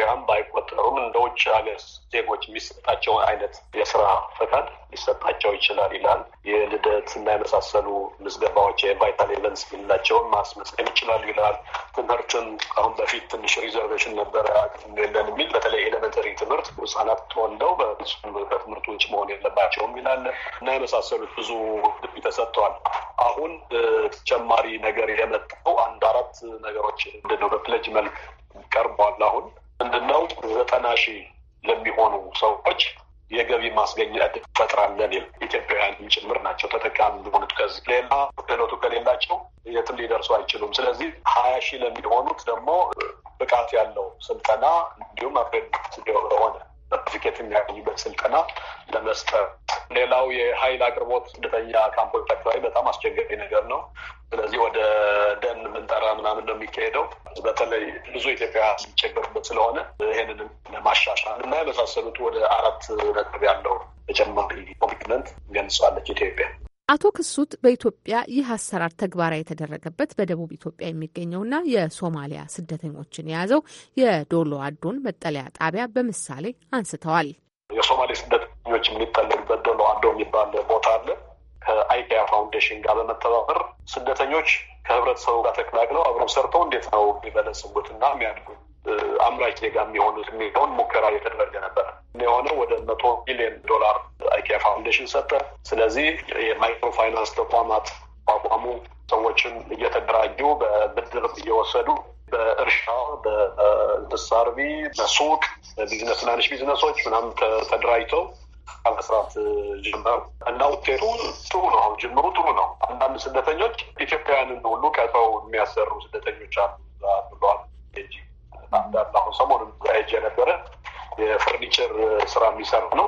ግራም ባይቆጠሩም እንደ ውጭ ሀገር ዜጎች የሚሰጣቸው አይነት የስራ ፈቃድ ሊሰጣቸው ይችላል ይላል። የልደት እና የመሳሰሉ ምዝገባዎች የቫይታል ኤቨንስ የምንላቸውን ማስመዝገብ ይችላሉ ይላል። ትምህርትን አሁን በፊት ትንሽ ሪዘርቬሽን ነበረ የለን የሚል በተለይ ኤሌመንተሪ ትምህርት ህጻናት ተወልደው ከትምህርት ውጭ መሆን የለባቸውም ይላል እና የመሳሰሉት ብዙ ግብ ተሰጥተዋል። አሁን ተጨማሪ ነገር የመጣው አንድ አራት ነገሮች ምንድነው በፕለጅ መልክ ቀርቧል አሁን ምንድነው ዘጠና ሺህ ለሚሆኑ ሰዎች የገቢ ማስገኛ እድል ፈጥራለን። ኢትዮጵያውያን ጭምር ናቸው ተጠቃሚ የሆኑት። ከዚህ ሌላ ክህሎቱ ከሌላቸው የትም ሊደርሱ አይችሉም። ስለዚህ ሀያ ሺህ ለሚሆኑት ደግሞ ብቃት ያለው ስልጠና እንዲሁም አክሬዲት ሆነ ሰርቲፊኬት የሚያገኙበት ስልጠና ለመስጠት። ሌላው የሀይል አቅርቦት ስደተኛ ካምፖች አካባቢ በጣም አስቸጋሪ ነገር ነው። ስለዚህ ወደ ደን ምንጠራ ምናምን ነው የሚካሄደው። በተለይ ብዙ ኢትዮጵያ የሚቸገሩበት ስለሆነ ይሄንንም ለማሻሻል እና የመሳሰሉት ወደ አራት ነጥብ ያለው ተጨማሪ ኮሚትመንት ገልጸዋለች ኢትዮጵያ። አቶ ክሱት በኢትዮጵያ ይህ አሰራር ተግባራዊ የተደረገበት በደቡብ ኢትዮጵያ የሚገኘውና የሶማሊያ ስደተኞችን የያዘው የዶሎ አዶን መጠለያ ጣቢያ በምሳሌ አንስተዋል። የሶማሌ ስደተኞች የሚጠለሉበት ዶሎ አዶ የሚባል ቦታ አለ። ከአይኪያ ፋውንዴሽን ጋር በመተባበር ስደተኞች ከህብረተሰቡ ጋር ተቀላቅለው አብረው ሰርተው እንዴት ነው የሚበለጽጉትና የሚያድጉት አምራች ዜጋ የሚሆኑት የሚለውን ሙከራ እየተደረገ ነበረ። የሆነ ወደ መቶ ሚሊዮን ዶላር አይኪያ ፋውንዴሽን ሰጠ። ስለዚህ የማይክሮ ፋይናንስ ተቋማት አቋሙ ሰዎችን እየተደራጁ በብድር እየወሰዱ በእርሻ በእንስሳርቢ በሱቅ በቢዝነስ ትናንሽ ቢዝነሶች ምናምን ተደራጅተው መስራት ጀመሩ እና ውጤቱ ጥሩ ነው። አሁን ጅምሩ ጥሩ ነው። አንዳንድ ስደተኞች ኢትዮጵያውያንን ሁሉ ቀጥረው የሚያሰሩ ስደተኞች አሉ ብለዋል። እንዳላሁ ሰሞኑን ሄጄ የነበረ የፈርኒቸር ስራ የሚሰራ ነው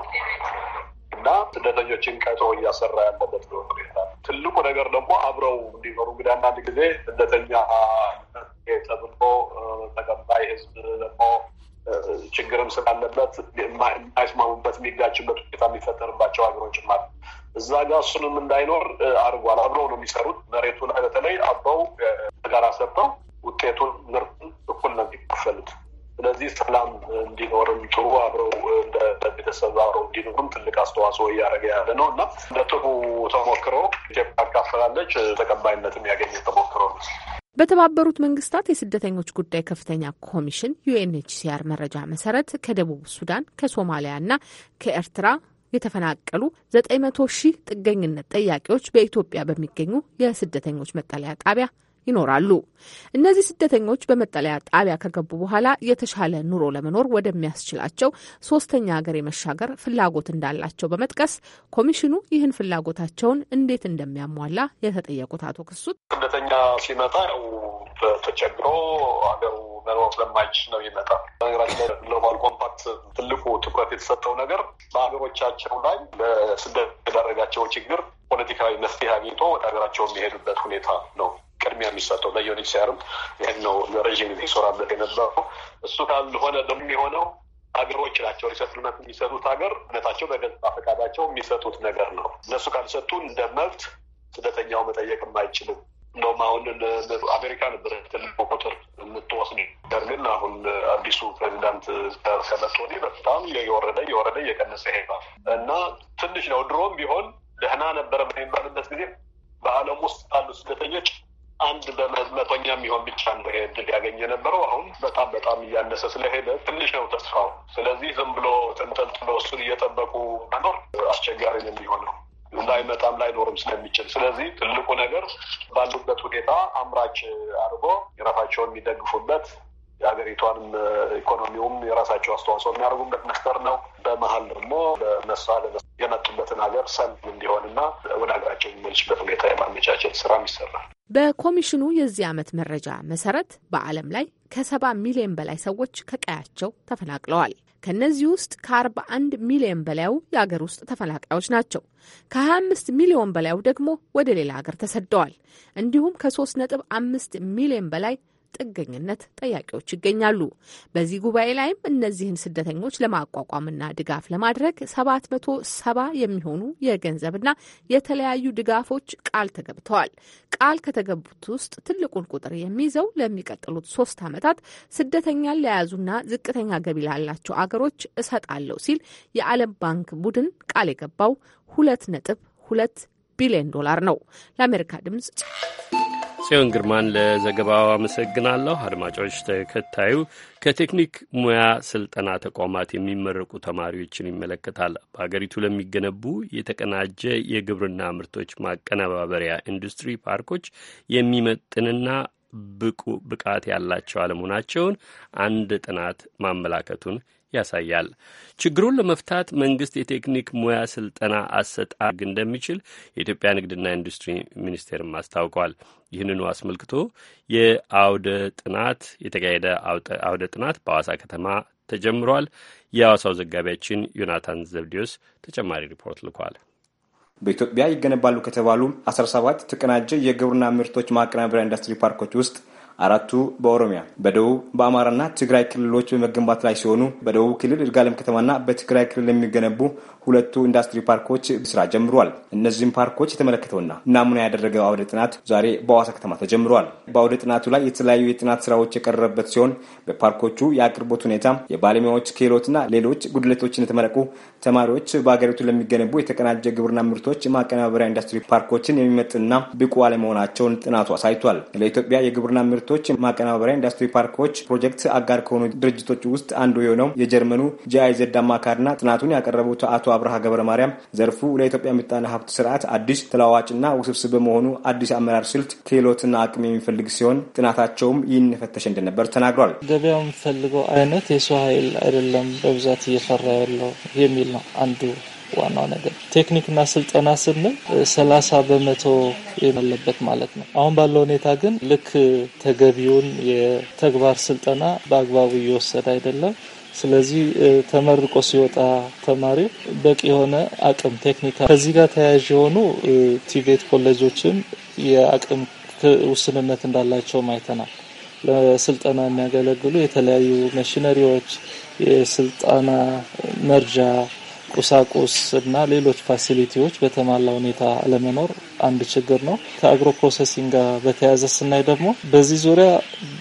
እና ስደተኞችን ቀጥሮ እያሰራ ያለበት ሁኔታ። ትልቁ ነገር ደግሞ አብረው እንዲኖሩ እንግዲህ አንዳንድ ጊዜ ስደተኛ ተብሎ ተቀባይ ህዝብ ደግሞ ችግርም ስላለበት የማይስማሙበት የሚጋጭበት ሁኔታ የሚፈጠርባቸው ሀገሮች ማለት እዛ ጋር እሱንም እንዳይኖር አድርጓል። አብረው ነው የሚሰሩት። መሬቱ ላይ በተለይ አብረው በጋራ ሰርተው ውጤቱን ምርቱን እኩል ነው የሚከፈሉት። ስለዚህ ሰላም እንዲኖርም ጥሩ አብረው እንደ ቤተሰብ አብረው እንዲኖርም ትልቅ አስተዋጽኦ እያደረገ ያለ ነው እና እንደ ጥሩ ተሞክሮ ኢትዮጵያ አካፈላለች ተቀባይነትም ያገኘ ተሞክሮ ነው። በተባበሩት መንግስታት የስደተኞች ጉዳይ ከፍተኛ ኮሚሽን ዩኤንኤችሲአር መረጃ መሰረት ከደቡብ ሱዳን ከሶማሊያ እና ከኤርትራ የተፈናቀሉ 900 ሺህ ጥገኝነት ጠያቂዎች በኢትዮጵያ በሚገኙ የስደተኞች መጠለያ ጣቢያ ይኖራሉ። እነዚህ ስደተኞች በመጠለያ ጣቢያ ከገቡ በኋላ የተሻለ ኑሮ ለመኖር ወደሚያስችላቸው ሶስተኛ ሀገር የመሻገር ፍላጎት እንዳላቸው በመጥቀስ ኮሚሽኑ ይህን ፍላጎታቸውን እንዴት እንደሚያሟላ የተጠየቁት አቶ ክሱት ስደተኛ ሲመጣ ያው ተቸግሮ ሀገሩ መኖር ስለማይችል ነው ይመጣ። በነገራችን ላይ ግሎባል ኮምፓክት ትልቁ ትኩረት የተሰጠው ነገር በሀገሮቻቸው ላይ ለስደት የዳረጋቸው ችግር ፖለቲካዊ መፍትሄ አግኝቶ ወደ ሀገራቸው የሚሄዱበት ሁኔታ ነው። ቅድሚያ የሚሰጠው ለዮኒክ ሲያርም ይህን ነው ረዥም ጊዜ ይሰራበት የነበረው። እሱ ካልሆነ ደግሞ የሆነው ሀገሮች ናቸው ሪሰትልመንት የሚሰጡት ሀገር እነታቸው በገዛ ፈቃዳቸው የሚሰጡት ነገር ነው። እነሱ ካልሰጡ እንደ መብት ስደተኛው መጠየቅም አይችልም። እንደውም አሁን አሜሪካ ነበር ትልቁ ቁጥር የምትወስድ ነገር ግን አሁን አዲሱ ፕሬዚዳንት ከመቶ ወዲህ በጣም የወረደ የወረደ እየቀነሰ ይሄዳል እና ትንሽ ነው። ድሮም ቢሆን ደህና ነበረ በሚባልበት ጊዜ በአለም ውስጥ ካሉ ስደተኞች አንድ በመቶኛ የሚሆን ብቻ ነው ይሄ እድል ያገኘ የነበረው። አሁን በጣም በጣም እያነሰ ስለሄደ ትንሽ ነው ተስፋው። ስለዚህ ዝም ብሎ ተንጠልጥሎ እሱን እየጠበቁ መኖር አስቸጋሪ ነው የሚሆነው ላይመጣም ላይኖርም ስለሚችል። ስለዚህ ትልቁ ነገር ባሉበት ሁኔታ አምራች አድርጎ የራሳቸውን የሚደግፉበት የሀገሪቷንም ኢኮኖሚውም የራሳቸው አስተዋጽኦ የሚያደርጉበት መፍጠር ነው። በመሀል ደግሞ ለነሳ የመጡበትን ሀገር ሰላም እንዲሆንና ወደ ሀገራቸው የሚመልሱበት ሁኔታ የማመቻቸት ስራም ይሰራል። በኮሚሽኑ የዚህ ዓመት መረጃ መሰረት በዓለም ላይ ከሰባ ሚሊዮን በላይ ሰዎች ከቀያቸው ተፈናቅለዋል። ከእነዚህ ውስጥ ከ41 ሚሊዮን በላዩ የአገር ውስጥ ተፈናቃዮች ናቸው። ከ25 ሚሊዮን በላዩ ደግሞ ወደ ሌላ ሀገር ተሰደዋል። እንዲሁም ከ3.5 ሚሊዮን በላይ ጥገኝነት ጠያቂዎች ይገኛሉ። በዚህ ጉባኤ ላይም እነዚህን ስደተኞች ለማቋቋምና ድጋፍ ለማድረግ ሰባት መቶ ሰባ የሚሆኑ የገንዘብና የተለያዩ ድጋፎች ቃል ተገብተዋል። ቃል ከተገቡት ውስጥ ትልቁን ቁጥር የሚይዘው ለሚቀጥሉት ሶስት ዓመታት ስደተኛን ለያዙና ዝቅተኛ ገቢ ላላቸው አገሮች እሰጣለሁ ሲል የዓለም ባንክ ቡድን ቃል የገባው ሁለት ነጥብ ሁለት ቢሊዮን ዶላር ነው። ለአሜሪካ ድምጽ ጽዮን ግርማን ለዘገባው አመሰግናለሁ። አድማጮች፣ ተከታዩ ከቴክኒክ ሙያ ስልጠና ተቋማት የሚመረቁ ተማሪዎችን ይመለከታል። በሀገሪቱ ለሚገነቡ የተቀናጀ የግብርና ምርቶች ማቀነባበሪያ ኢንዱስትሪ ፓርኮች የሚመጥንና ብቁ ብቃት ያላቸው አለመሆናቸውን አንድ ጥናት ማመላከቱን ያሳያል። ችግሩን ለመፍታት መንግስት የቴክኒክ ሙያ ስልጠና አሰጣግ እንደሚችል የኢትዮጵያ ንግድና ኢንዱስትሪ ሚኒስቴርም አስታውቋል። ይህንኑ አስመልክቶ የአውደ ጥናት የተካሄደ አውደ ጥናት በአዋሳ ከተማ ተጀምሯል። የአዋሳው ዘጋቢያችን ዮናታን ዘብዲዮስ ተጨማሪ ሪፖርት ልኳል። በኢትዮጵያ ይገነባሉ ከተባሉ 17 ተቀናጀ የግብርና ምርቶች ማቀናበሪያ ኢንዱስትሪ ፓርኮች ውስጥ አራቱ በኦሮሚያ በደቡብ በአማራና ትግራይ ክልሎች በመገንባት ላይ ሲሆኑ በደቡብ ክልል ይርጋለም ከተማና በትግራይ ክልል የሚገነቡ ሁለቱ ኢንዱስትሪ ፓርኮች ስራ ጀምሯል። እነዚህም ፓርኮች የተመለከተውና ናሙና ያደረገው አውደ ጥናት ዛሬ በአዋሳ ከተማ ተጀምሯል። በአውደ ጥናቱ ላይ የተለያዩ የጥናት ስራዎች የቀረበበት ሲሆን በፓርኮቹ የአቅርቦት ሁኔታ፣ የባለሙያዎች ክህሎትና ሌሎች ጉድለቶችን የተመረቁ ተማሪዎች በሀገሪቱ ለሚገነቡ የተቀናጀ ግብርና ምርቶች ማቀናበሪያ ኢንዱስትሪ ፓርኮችን የሚመጥና ብቁ አለመሆናቸውን ጥናቱ አሳይቷል። ለኢትዮጵያ የግብርና ምርቶች ማቀናበሪያ ኢንዱስትሪ ፓርኮች ፕሮጀክት አጋር ከሆኑ ድርጅቶች ውስጥ አንዱ የሆነው የጀርመኑ ጂአይዜድ አማካሪና ጥናቱን ያቀረቡት አቶ አብርሃ ገብረ ማርያም ዘርፉ ለኢትዮጵያ ምጣኔ ሀብት ስርዓት አዲስ ተለዋዋጭና ውስብስብ በመሆኑ አዲስ አመራር ስልት፣ ክህሎትና አቅም የሚፈልግ ሲሆን ጥናታቸውም ይህን ፈተሸ እንደነበር ተናግሯል። ገበያው የሚፈልገው አይነት የሰው ኃይል አይደለም በብዛት እየፈራ ያለው የሚል ነው አንዱ ዋናው ነገር ቴክኒክና ስልጠና ስንል ሰላሳ በመቶ ያለበት ማለት ነው። አሁን ባለው ሁኔታ ግን ልክ ተገቢውን የተግባር ስልጠና በአግባቡ እየወሰደ አይደለም። ስለዚህ ተመርቆ ሲወጣ ተማሪ በቂ የሆነ አቅም ቴክኒካ ከዚህ ጋር ተያያዥ የሆኑ ቲቬት ኮሌጆችም የአቅም ውስንነት እንዳላቸው አይተናል። ለስልጠና የሚያገለግሉ የተለያዩ መሽነሪዎች፣ የስልጠና መርጃ ቁሳቁስ እና ሌሎች ፋሲሊቲዎች በተሟላ ሁኔታ አለመኖር አንድ ችግር ነው። ከአግሮ ፕሮሰሲንግ ጋር በተያያዘ ስናይ ደግሞ በዚህ ዙሪያ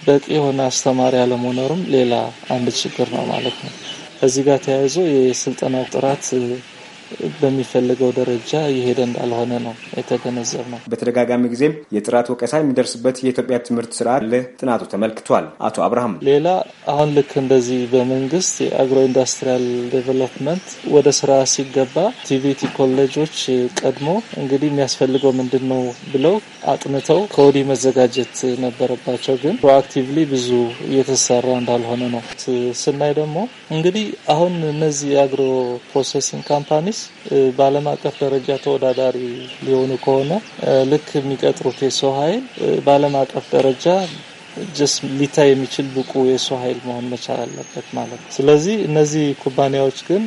በቂ የሆነ አስተማሪ አለመኖርም ሌላ አንድ ችግር ነው ማለት ነው። ከዚህ ጋር ተያይዞ የስልጠና ጥራት በሚፈልገው ደረጃ እየሄደ እንዳልሆነ ነው የተገነዘብ ነው። በተደጋጋሚ ጊዜ የጥራት ወቀሳ የሚደርስበት የኢትዮጵያ ትምህርት ስርዓት ጥናቱ ተመልክቷል። አቶ አብርሃም ሌላ አሁን ልክ እንደዚህ በመንግስት የአግሮ ኢንዱስትሪያል ዴቨሎፕመንት ወደ ስራ ሲገባ ቲቪቲ ኮሌጆች ቀድሞ እንግዲህ የሚያስፈልገው ምንድን ነው ብለው አጥንተው ከወዲህ መዘጋጀት ነበረባቸው። ግን ፕሮአክቲቭሊ ብዙ እየተሰራ እንዳልሆነ ነው ስናይ ደግሞ እንግዲህ አሁን እነዚህ የአግሮ ፕሮሴሲንግ ካምፓኒስ በዓለም አቀፍ ደረጃ ተወዳዳሪ ሊሆኑ ከሆነ ልክ የሚቀጥሩት የሰው ኃይል በዓለም አቀፍ ደረጃ ጀስ ሊታይ የሚችል ብቁ የሰው ኃይል መሆን መቻል አለበት ማለት ነው። ስለዚህ እነዚህ ኩባንያዎች ግን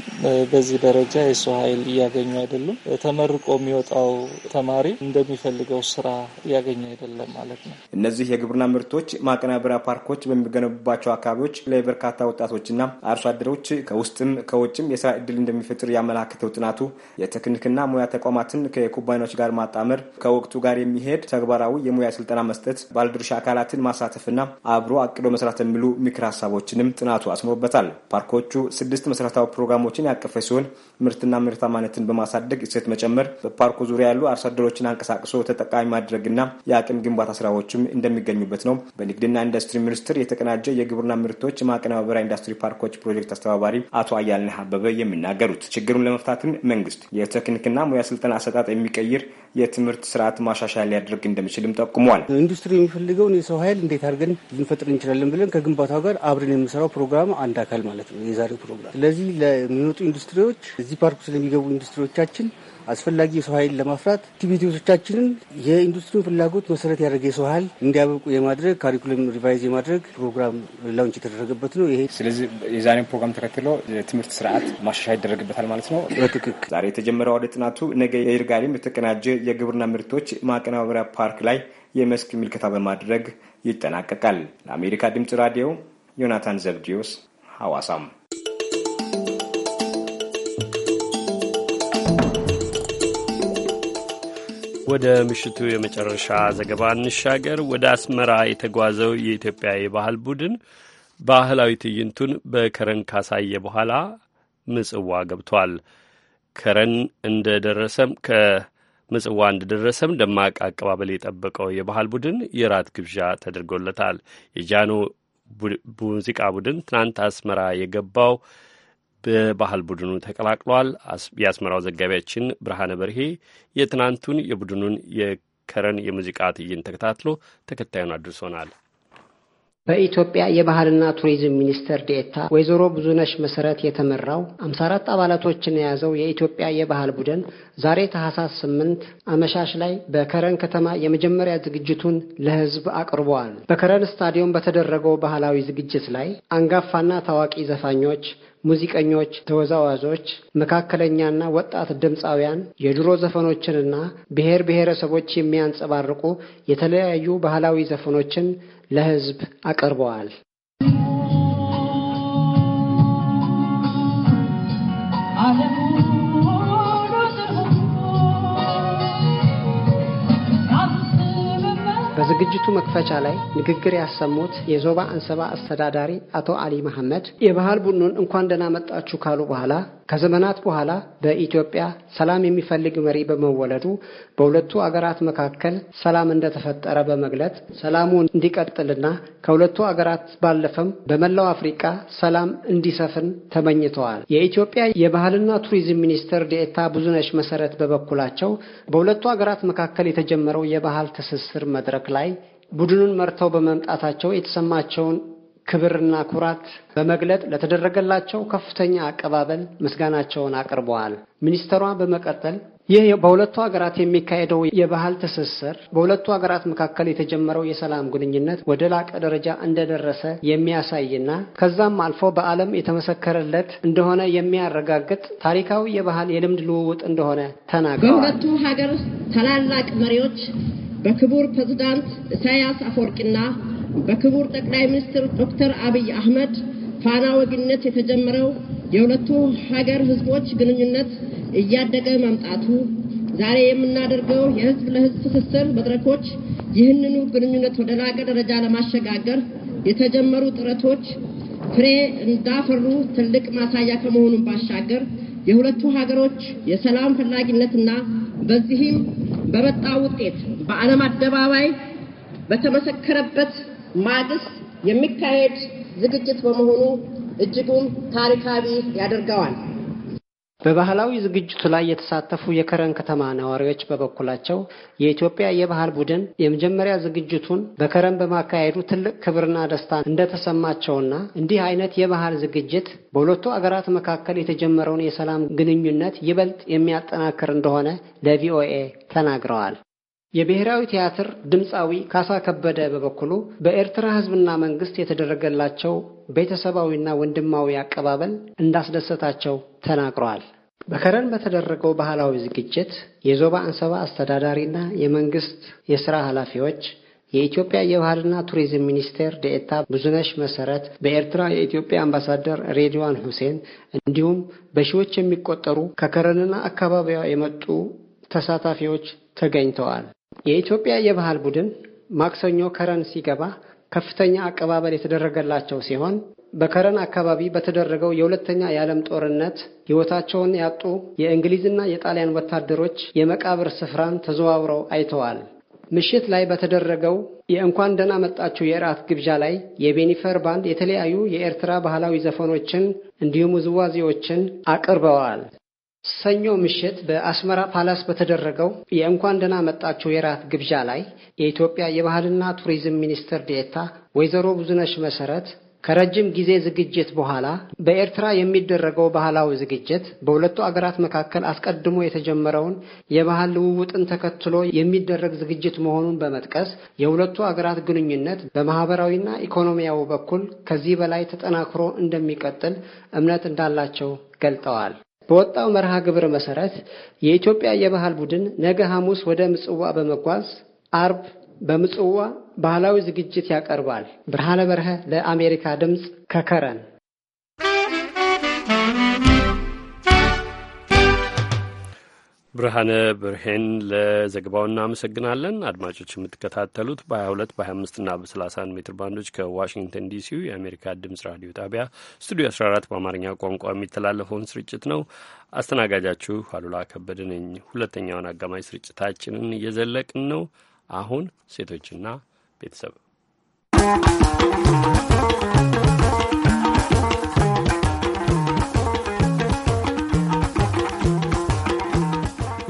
በዚህ ደረጃ የሰው ኃይል እያገኙ አይደሉም። ተመርቆ የሚወጣው ተማሪ እንደሚፈልገው ስራ እያገኘ አይደለም ማለት ነው። እነዚህ የግብርና ምርቶች ማቀናበሪያ ፓርኮች በሚገነቡባቸው አካባቢዎች ለበርካታ ወጣቶችና አርሶ አደሮች ከውስጥም ከውጭም የስራ እድል እንደሚፈጥር ያመላክተው ጥናቱ የቴክኒክና ሙያ ተቋማትን ከኩባንያዎች ጋር ማጣመር፣ ከወቅቱ ጋር የሚሄድ ተግባራዊ የሙያ ስልጠና መስጠት፣ ባለድርሻ አካላትን ማሳተፍ ማሳተፍና አብሮ አቅዶ መስራት የሚሉ ምክር ሀሳቦችንም ጥናቱ አስምሮበታል። ፓርኮቹ ስድስት መሰረታዊ ፕሮግራሞችን ያቀፈ ሲሆን ምርትና ምርታማነትን በማሳደግ እሴት መጨመር፣ በፓርኩ ዙሪያ ያሉ አርሶ አደሮችን አንቀሳቅሶ ተጠቃሚ ማድረግና የአቅም ግንባታ ስራዎችም እንደሚገኙበት ነው። በንግድና ኢንዱስትሪ ሚኒስቴር የተቀናጀ የግብርና ምርቶች ማቀነባበሪያ ኢንዱስትሪ ፓርኮች ፕሮጀክት አስተባባሪ አቶ አያልነህ አበበ የሚናገሩት ችግሩን ለመፍታትም መንግስት የቴክኒክና ሙያ ስልጠና አሰጣጥ የሚቀይር የትምህርት ስርዓት ማሻሻያ ሊያደርግ እንደሚችልም ጠቁሟል። ኢንዱስትሪ የሚፈልገውን የሰው ኃይል እንዴት አድርገን ልንፈጥር እንችላለን ብለን ከግንባታው ጋር አብረን የምሰራው ፕሮግራም አንድ አካል ማለት ነው የዛሬው ፕሮግራም። ስለዚህ ለሚመጡ ኢንዱስትሪዎች እዚህ ፓርክ ውስጥ ለሚገቡ ኢንዱስትሪዎቻችን አስፈላጊ የሰው ኃይል ለማፍራት አክቲቪቲዎቻችንን የኢንዱስትሪውን ፍላጎት መሰረት ያደረገ የሰው ኃይል እንዲያበቁ የማድረግ ካሪኩለም ሪቫይዝ የማድረግ ፕሮግራም ላውንች የተደረገበት ነው። ይሄ ስለዚህ የዛሬን ፕሮግራም ተከትሎ የትምህርት ስርዓት ማሻሻያ ይደረግበታል ማለት ነው። በትክክል ዛሬ የተጀመረው ወደ ጥናቱ ነገ የይርጋለም የተቀናጀ የግብርና ምርቶች ማቀነባበሪያ ፓርክ ላይ የመስክ ምልከታ በማድረግ ይጠናቀቃል። ለአሜሪካ ድምጽ ራዲዮ ዮናታን ዘብዲዮስ ሐዋሳም ወደ ምሽቱ የመጨረሻ ዘገባ እንሻገር። ወደ አስመራ የተጓዘው የኢትዮጵያ የባህል ቡድን ባህላዊ ትዕይንቱን በከረን ካሳየ በኋላ ምጽዋ ገብቷል። ከረን እንደደረሰም ከምጽዋ እንደደረሰም ደማቅ አቀባበል የጠበቀው የባህል ቡድን የራት ግብዣ ተደርጎለታል። የጃኖ ሙዚቃ ቡድን ትናንት አስመራ የገባው በባህል ቡድኑ ተቀላቅሏል። የአስመራው ዘጋቢያችን ብርሃነ በርሄ የትናንቱን የቡድኑን የከረን የሙዚቃ ትዕይንት ተከታትሎ ተከታዩን አድርሶናል። በኢትዮጵያ የባህልና ቱሪዝም ሚኒስቴር ዴኤታ ወይዘሮ ብዙነሽ መሰረት የተመራው 54 አባላቶችን የያዘው የኢትዮጵያ የባህል ቡድን ዛሬ ታህሳስ 8 አመሻሽ ላይ በከረን ከተማ የመጀመሪያ ዝግጅቱን ለሕዝብ አቅርበዋል። በከረን ስታዲየም በተደረገው ባህላዊ ዝግጅት ላይ አንጋፋና ታዋቂ ዘፋኞች ሙዚቀኞች፣ ተወዛዋዦች፣ መካከለኛና ወጣት ድምፃውያን የድሮ ዘፈኖችንና ብሔር ብሔረሰቦች የሚያንጸባርቁ የተለያዩ ባህላዊ ዘፈኖችን ለሕዝብ አቅርበዋል። በዝግጅቱ መክፈቻ ላይ ንግግር ያሰሙት የዞባ አንሰባ አስተዳዳሪ አቶ አሊ መሐመድ የባህል ቡድኑን እንኳን ደህና መጣችሁ ካሉ በኋላ ከዘመናት በኋላ በኢትዮጵያ ሰላም የሚፈልግ መሪ በመወለዱ በሁለቱ አገራት መካከል ሰላም እንደተፈጠረ በመግለጥ ሰላሙ እንዲቀጥልና ከሁለቱ አገራት ባለፈም በመላው አፍሪካ ሰላም እንዲሰፍን ተመኝተዋል። የኢትዮጵያ የባህልና ቱሪዝም ሚኒስትር ዴኤታ ብዙነሽ መሰረት በበኩላቸው በሁለቱ አገራት መካከል የተጀመረው የባህል ትስስር መድረክ ላይ ቡድኑን መርተው በመምጣታቸው የተሰማቸውን ክብርና ኩራት በመግለጥ ለተደረገላቸው ከፍተኛ አቀባበል ምስጋናቸውን አቅርበዋል። ሚኒስትሯ በመቀጠል ይህ በሁለቱ ሀገራት የሚካሄደው የባህል ትስስር በሁለቱ ሀገራት መካከል የተጀመረው የሰላም ግንኙነት ወደ ላቀ ደረጃ እንደደረሰ የሚያሳይና ከዛም አልፎ በዓለም የተመሰከረለት እንደሆነ የሚያረጋግጥ ታሪካዊ የባህል የልምድ ልውውጥ እንደሆነ ተናግረዋል። በሁለቱ ሀገር ታላላቅ መሪዎች በክቡር ፕሬዝዳንት ኢሳያስ አፈወርቂና በክቡር ጠቅላይ ሚኒስትር ዶክተር አብይ አህመድ ፋና ወጊነት የተጀመረው የሁለቱ ሀገር ህዝቦች ግንኙነት እያደገ መምጣቱ ዛሬ የምናደርገው የህዝብ ለህዝብ ትስስር መድረኮች ይህንኑ ግንኙነት ወደ ላቀ ደረጃ ለማሸጋገር የተጀመሩ ጥረቶች ፍሬ እንዳፈሩ ትልቅ ማሳያ ከመሆኑን ባሻገር የሁለቱ ሀገሮች የሰላም ፈላጊነትና በዚህም በመጣ ውጤት በዓለም አደባባይ በተመሰከረበት ማግስት የሚካሄድ ዝግጅት በመሆኑ እጅጉን ታሪካዊ ያደርገዋል። በባህላዊ ዝግጅቱ ላይ የተሳተፉ የከረን ከተማ ነዋሪዎች በበኩላቸው የኢትዮጵያ የባህል ቡድን የመጀመሪያ ዝግጅቱን በከረን በማካሄዱ ትልቅ ክብርና ደስታ እንደተሰማቸውና እንዲህ አይነት የባህል ዝግጅት በሁለቱ አገራት መካከል የተጀመረውን የሰላም ግንኙነት ይበልጥ የሚያጠናክር እንደሆነ ለቪኦኤ ተናግረዋል። የብሔራዊ ቲያትር ድምፃዊ ካሳ ከበደ በበኩሉ በኤርትራ ሕዝብና መንግስት የተደረገላቸው ቤተሰባዊና ወንድማዊ አቀባበል እንዳስደሰታቸው ተናግረዋል። በከረን በተደረገው ባህላዊ ዝግጅት የዞባ አንሰባ አስተዳዳሪና የመንግስት የሥራ ኃላፊዎች፣ የኢትዮጵያ የባህልና ቱሪዝም ሚኒስቴር ዴኤታ ብዙነሽ መሰረት፣ በኤርትራ የኢትዮጵያ አምባሳደር ሬድዋን ሁሴን እንዲሁም በሺዎች የሚቆጠሩ ከከረንና አካባቢዋ የመጡ ተሳታፊዎች ተገኝተዋል። የኢትዮጵያ የባህል ቡድን ማክሰኞ ከረን ሲገባ ከፍተኛ አቀባበል የተደረገላቸው ሲሆን በከረን አካባቢ በተደረገው የሁለተኛ የዓለም ጦርነት ሕይወታቸውን ያጡ የእንግሊዝና የጣሊያን ወታደሮች የመቃብር ስፍራን ተዘዋውረው አይተዋል። ምሽት ላይ በተደረገው የእንኳን ደህና መጣችሁ የእራት ግብዣ ላይ የቤኒፈር ባንድ የተለያዩ የኤርትራ ባህላዊ ዘፈኖችን እንዲሁም ውዝዋዜዎችን አቅርበዋል። ሰኞ ምሽት በአስመራ ፓላስ በተደረገው የእንኳን ደህና መጣችሁ የራት ግብዣ ላይ የኢትዮጵያ የባህልና ቱሪዝም ሚኒስትር ዴኤታ ወይዘሮ ብዙነሽ መሰረት ከረጅም ጊዜ ዝግጅት በኋላ በኤርትራ የሚደረገው ባህላዊ ዝግጅት በሁለቱ አገራት መካከል አስቀድሞ የተጀመረውን የባህል ልውውጥን ተከትሎ የሚደረግ ዝግጅት መሆኑን በመጥቀስ የሁለቱ አገራት ግንኙነት በማህበራዊና ኢኮኖሚያዊ በኩል ከዚህ በላይ ተጠናክሮ እንደሚቀጥል እምነት እንዳላቸው ገልጠዋል። በወጣው መርሃ ግብር መሰረት የኢትዮጵያ የባህል ቡድን ነገ ሐሙስ ወደ ምጽዋ በመጓዝ አርብ በምጽዋ ባህላዊ ዝግጅት ያቀርባል። ብርሃነ በርሀ ለአሜሪካ ድምፅ ከከረን ብርሃነ ብርሄን ለዘገባው እናመሰግናለን። አድማጮች የምትከታተሉት በ22 በ25 እና በ31 ሜትር ባንዶች ከዋሽንግተን ዲሲው የአሜሪካ ድምጽ ራዲዮ ጣቢያ ስቱዲዮ 14 በአማርኛ ቋንቋ የሚተላለፈውን ስርጭት ነው። አስተናጋጃችሁ አሉላ ከበደ ነኝ። ሁለተኛውን አጋማሽ ስርጭታችንን እየዘለቅን ነው። አሁን ሴቶችና ቤተሰብ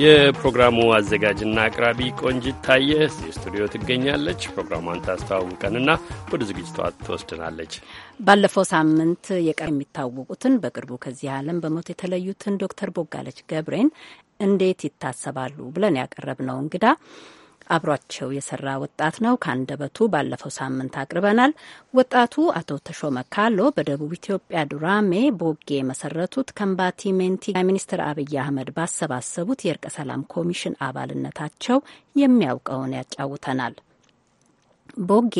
የፕሮግራሙ አዘጋጅና አቅራቢ ቆንጂት ታየ እዚህ ስቱዲዮ ትገኛለች። ፕሮግራሟን ታስተዋውቀንና ወደ ዝግጅቷ ትወስድናለች። ባለፈው ሳምንት የቀር የሚታወቁትን በቅርቡ ከዚህ ዓለም በሞት የተለዩትን ዶክተር ቦጋለች ገብሬን እንዴት ይታሰባሉ ብለን ያቀረብነው እንግዳ አብሯቸው የሰራ ወጣት ነው። ከአንደበቱ ባለፈው ሳምንት አቅርበናል። ወጣቱ አቶ ተሾመ ካሎ በደቡብ ኢትዮጵያ ዱራሜ ቦጌ የመሰረቱት ከምባቲ ሜንቲ ሚኒስትር አብይ አህመድ ባሰባሰቡት የእርቀ ሰላም ኮሚሽን አባልነታቸው የሚያውቀውን ያጫውተናል። ቦጌ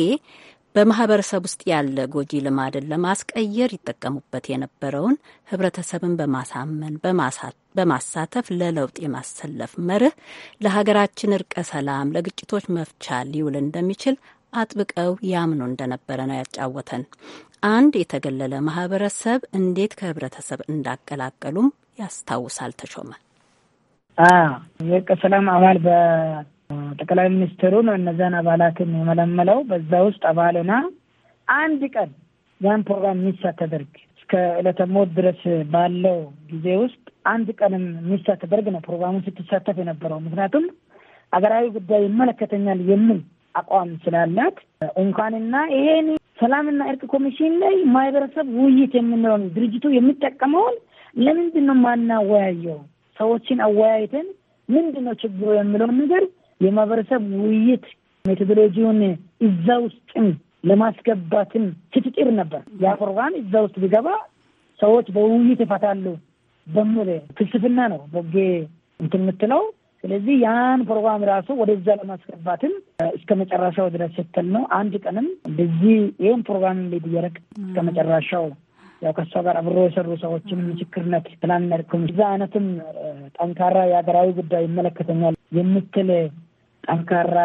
በማህበረሰብ ውስጥ ያለ ጎጂ ልማድን ለማስቀየር ይጠቀሙበት የነበረውን ህብረተሰብን በማሳመን በማሳተፍ ለለውጥ የማሰለፍ መርህ ለሀገራችን እርቀ ሰላም፣ ለግጭቶች መፍቻ ሊውል እንደሚችል አጥብቀው ያምኑ እንደነበረ ነው ያጫወተን። አንድ የተገለለ ማህበረሰብ እንዴት ከህብረተሰብ እንዳቀላቀሉም ያስታውሳል ተሾመ የእርቀ ሰላም አባል ጠቅላይ ሚኒስትሩን እነዛን አባላትን የመለመለው በዛ ውስጥ አባልና አንድ ቀን ያን ፕሮግራም ሚስ ሳታደርግ እስከ ዕለተ ሞት ድረስ ባለው ጊዜ ውስጥ አንድ ቀንም ሚስ ሳታደርግ ነው ፕሮግራሙን ስትሳተፍ የነበረው። ምክንያቱም አገራዊ ጉዳይ ይመለከተኛል የሚል አቋም ስላላት እንኳንና ይሄን ሰላምና እርቅ ኮሚሽን ላይ ማህበረሰብ ውይይት የምንለውን ድርጅቱ የሚጠቀመውን ለምንድን ነው ማናወያየው? ሰዎችን አወያይተን ምንድን ነው ችግሩ የሚለውን ነገር የማህበረሰብ ውይይት ሜቶዶሎጂውን እዛ ውስጥም ለማስገባትም ስትጥር ነበር። ያ ፕሮግራም እዛ ውስጥ ቢገባ ሰዎች በውይይት ይፈታሉ በሚል ፍልስፍና ነው በጌ እንትን የምትለው። ስለዚህ ያን ፕሮግራም ራሱ ወደዛ ለማስገባትም እስከ መጨረሻው ድረስ ስትል ነው። አንድ ቀንም እንደዚህ ይህን ፕሮግራም እንዴት እየረቅ እስከ መጨረሻው ያው ከእሷ ጋር አብሮ የሰሩ ሰዎችን ምስክርነት ትላነርኩም እዛ አይነትም ጠንካራ የሀገራዊ ጉዳይ ይመለከተኛል የምትል ጠንካራ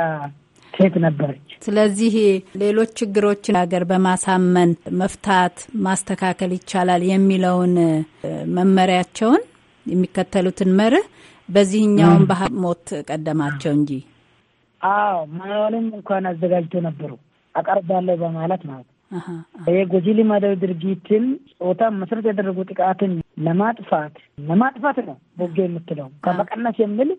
ሴት ነበረች። ስለዚህ ሌሎች ችግሮችን ሀገር በማሳመን መፍታት፣ ማስተካከል ይቻላል የሚለውን መመሪያቸውን የሚከተሉትን መርህ በዚህኛውን ባህል ሞት ቀደማቸው እንጂ አዎ ማኑዋልም እንኳን አዘጋጅቶ ነበሩ አቀርባለሁ በማለት ማለት የጎጂ ልማዳዊ ድርጊትን ጾታ መሰረት ያደረጉ ጥቃትን ለማጥፋት ለማጥፋት ነው ቦጌ የምትለው ከመቀነስ የሚል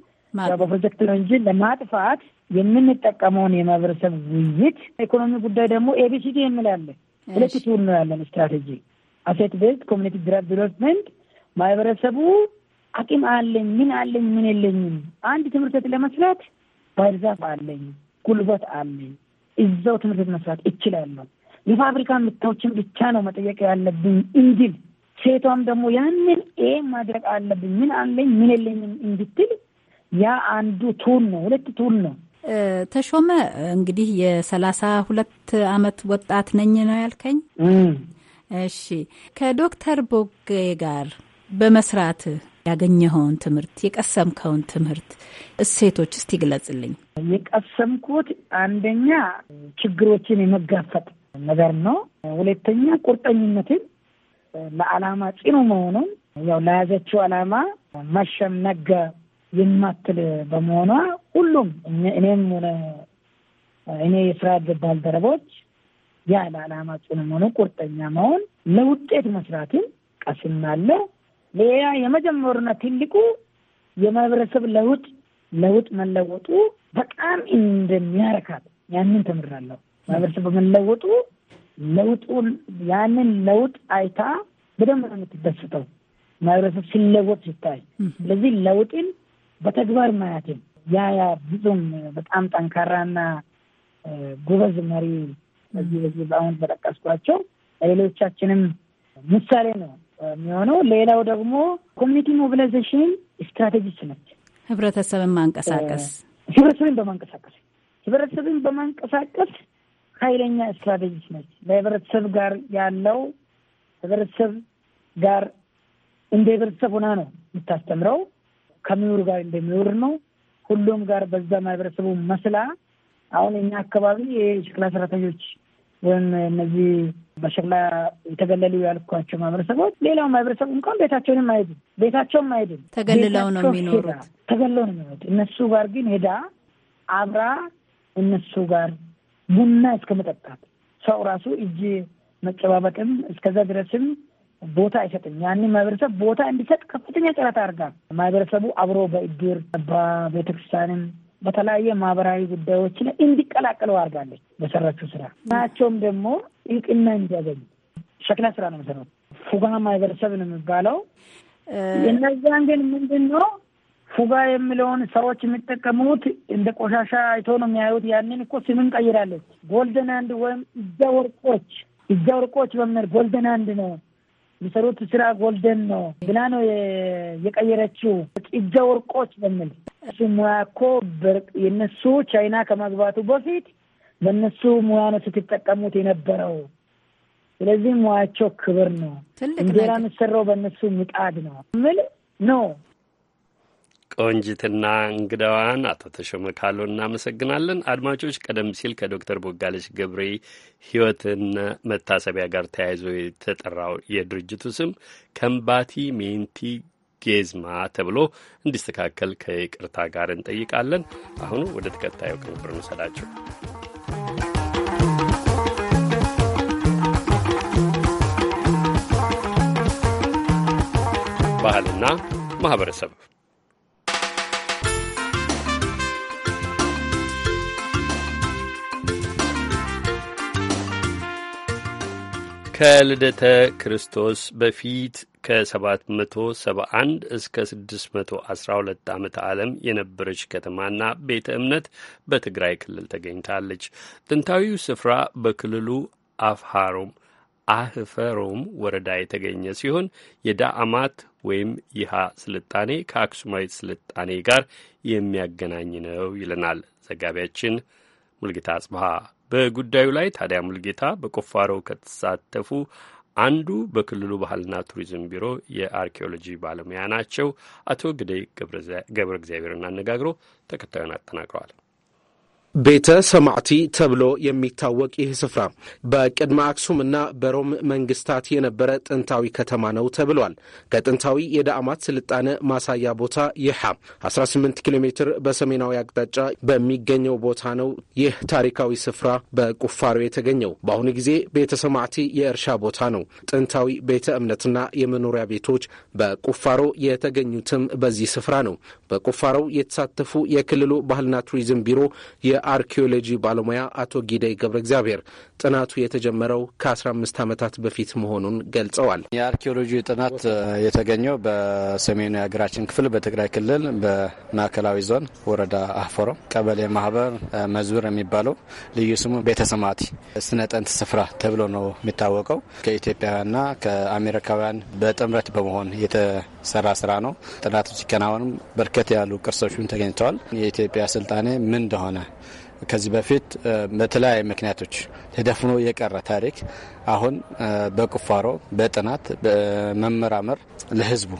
በፕሮጀክት ነው እንጂ ለማጥፋት የምንጠቀመውን የማህበረሰብ ውይይት ኢኮኖሚ ጉዳይ ደግሞ ኤቢሲዲ የምላለ ሁለት ቱር ነው ያለን ስትራቴጂ አሴት ቤዝድ ኮሚኒቲ ድራይቭ ዲቨሎፕመንት ማህበረሰቡ አቅም አለኝ፣ ምን አለኝ፣ ምን የለኝም፣ አንድ ትምህርት ቤት ለመስራት ባህር ዛፍ አለኝ፣ ጉልበት አለኝ፣ እዛው ትምህርት ቤት መስራት እችላለሁ፣ የፋብሪካ ምታዎችን ብቻ ነው መጠየቅ ያለብኝ እንዲል ሴቷም ደግሞ ያንን ኤ ማድረግ አለብኝ፣ ምን አለኝ፣ ምን የለኝም እንድትል ያ አንዱ ቱን ነው፣ ሁለት ቱን ነው። ተሾመ እንግዲህ የሰላሳ ሁለት አመት ወጣት ነኝ ነው ያልከኝ። እሺ ከዶክተር ቦጌ ጋር በመስራት ያገኘኸውን ትምህርት የቀሰምከውን ትምህርት እሴቶች እስቲ ግለጽልኝ። የቀሰምኩት አንደኛ ችግሮችን የመጋፈጥ ነገር ነው። ሁለተኛ ቁርጠኝነትን፣ ለአላማ ጽኑ መሆኑን ያው ለያዘችው መሸም መሸምነገ የማትል በመሆኗ ሁሉም እኔም ሆነ እኔ የስራ ባልደረቦች ያ ለዓላማ ጽኑ ሆነ ቁርጠኛ መሆን ለውጤት መስራትን ቀስናለ። ሌላ የመጀመሩና ትልቁ የማህበረሰብ ለውጥ ለውጥ መለወጡ በጣም እንደሚያረካል ያንን ተምራለሁ። ማህበረሰብ መለወጡ ለውጡን ያንን ለውጥ አይታ በደንብ ነው የምትደስተው ማህበረሰብ ሲለወጥ ሲታይ ስለዚህ ለውጥን በተግባር ማለትም ያ ያ ብዙም በጣም ጠንካራና ጎበዝ መሪ እዚህ በዚህ በአሁን በጠቀስኳቸው ለሌሎቻችንም ምሳሌ ነው የሚሆነው። ሌላው ደግሞ ኮሚኒቲ ሞቢላይዜሽን ስትራቴጂስ ነች። ህብረተሰብን ማንቀሳቀስ ህብረተሰብን በማንቀሳቀስ ህብረተሰብን በማንቀሳቀስ ኃይለኛ ስትራቴጂስ ነች። ለህብረተሰብ ጋር ያለው ህብረተሰብ ጋር እንደ ህብረተሰብ ሆና ነው የምታስተምረው። ከምሁር ጋር እንደሚውር ነው። ሁሉም ጋር በዛ ማህበረሰቡ መስላ አሁን እኛ አካባቢ የሸክላ ሰራተኞች ወይም እነዚህ በሸክላ የተገለሉ ያልኳቸው ማህበረሰቦች ሌላው ማህበረሰቡ እንኳን ቤታቸውንም አይሄዱም፣ ቤታቸውም አይሄዱም። ተገልለው ነው የሚኖሩት፣ ተገልለው ነው የሚኖሩት። እነሱ ጋር ግን ሄዳ አብራ እነሱ ጋር ቡና እስከ መጠጣት ሰው ራሱ እጅ መጨባበጥም እስከዛ ድረስም ቦታ አይሰጥም። ያንን ማህበረሰብ ቦታ እንዲሰጥ ከፍተኛ ጥረት አድርጋል። ማህበረሰቡ አብሮ በእድር በቤተክርስቲያንም በተለያየ ማህበራዊ ጉዳዮች ላይ እንዲቀላቀሉ አድርጋለች። በሰራችው ስራ ናቸውም ደግሞ እውቅና እንዲያገኙ ሸክላ ስራ ነው መሰራት ፉጋ ማህበረሰብ ነው የሚባለው። እነዚያን ግን ምንድን ነው ፉጋ የሚለውን ሰዎች የሚጠቀሙት እንደ ቆሻሻ አይቶ ነው የሚያዩት። ያንን እኮ ስምን ቀይራለች። ጎልደን አንድ ወይም እጃ ወርቆች እጃ ወርቆች በምር ጎልደን አንድ ነው የሚሰሩት ስራ ጎልደን ነው ብላ ነው የቀየረችው። ጥጃ ወርቆች በሚል እሱ ሙያ እኮ የነሱ ቻይና ከመግባቱ በፊት በእነሱ ሙያ ነው ስትጠቀሙት የነበረው። ስለዚህ ሙያቸው ክብር ነው። እንጀራ የሚሰራው በእነሱ ምጣድ ነው ምል ነው ቆንጅትና እንግዳዋን አቶ ተሾመ ካሎ እናመሰግናለን። አድማጮች ቀደም ሲል ከዶክተር ቦጋለች ገብሬ ህይወትን መታሰቢያ ጋር ተያይዞ የተጠራው የድርጅቱ ስም ከምባቲ ሜንቲ ጌዝማ ተብሎ እንዲስተካከል ከይቅርታ ጋር እንጠይቃለን። አሁኑ ወደ ተከታዩ ቅንብር እንውሰዳቸው። ባህልና ማህበረሰብ ከልደተ ክርስቶስ በፊት ከ771 እስከ 612 ዓመተ ዓለም የነበረች ከተማና ቤተ እምነት በትግራይ ክልል ተገኝታለች። ጥንታዊው ስፍራ በክልሉ አፍሃሮም አህፈሮም ወረዳ የተገኘ ሲሆን የዳአማት ወይም ይሃ ስልጣኔ ከአክሱማዊት ስልጣኔ ጋር የሚያገናኝ ነው ይለናል ዘጋቢያችን ሙልጌታ አጽብሃ። በጉዳዩ ላይ ታዲያ ሙልጌታ በቁፋሮው ከተሳተፉ አንዱ በክልሉ ባህልና ቱሪዝም ቢሮ የአርኪኦሎጂ ባለሙያ ናቸው። አቶ ግደይ ገብረ እግዚአብሔርን አነጋግሮ ተከታዩን አጠናቅረዋል። ቤተ ሰማዕቲ ተብሎ የሚታወቅ ይህ ስፍራ በቅድመ አክሱምና በሮም መንግስታት የነበረ ጥንታዊ ከተማ ነው ተብሏል። ከጥንታዊ የዳአማት ስልጣነ ማሳያ ቦታ ይሓ 18 ኪሎ ሜትር በሰሜናዊ አቅጣጫ በሚገኘው ቦታ ነው ይህ ታሪካዊ ስፍራ በቁፋሮ የተገኘው። በአሁኑ ጊዜ ቤተ ሰማዕቲ የእርሻ ቦታ ነው። ጥንታዊ ቤተ እምነትና የመኖሪያ ቤቶች በቁፋሮ የተገኙትም በዚህ ስፍራ ነው። በቁፋሮው የተሳተፉ የክልሉ ባህልና ቱሪዝም ቢሮ የአርኪኦሎጂ ባለሙያ አቶ ጊደይ ገብረ እግዚአብሔር ጥናቱ የተጀመረው ከ15 ዓመታት በፊት መሆኑን ገልጸዋል። የአርኪኦሎጂ ጥናት የተገኘው በሰሜኑ የሀገራችን ክፍል በትግራይ ክልል በማዕከላዊ ዞን ወረዳ አፈሮ ቀበሌ ማህበር መዝብር የሚባለው ልዩ ስሙ ቤተሰማቲ ስነ ጥንት ስፍራ ተብሎ ነው የሚታወቀው። ከኢትዮጵያውያንና ከአሜሪካውያን በጥምረት በመሆን የተሰራ ስራ ነው። ጥናቱ ሲከናወንም በርከት ያሉ ቅርሶችም ተገኝተዋል። የኢትዮጵያ ስልጣኔ ምን እንደሆነ ከዚህ በፊት በተለያዩ ምክንያቶች ተደፍኖ የቀረ ታሪክ አሁን በቁፋሮ በጥናት በመመራመር ለህዝቡ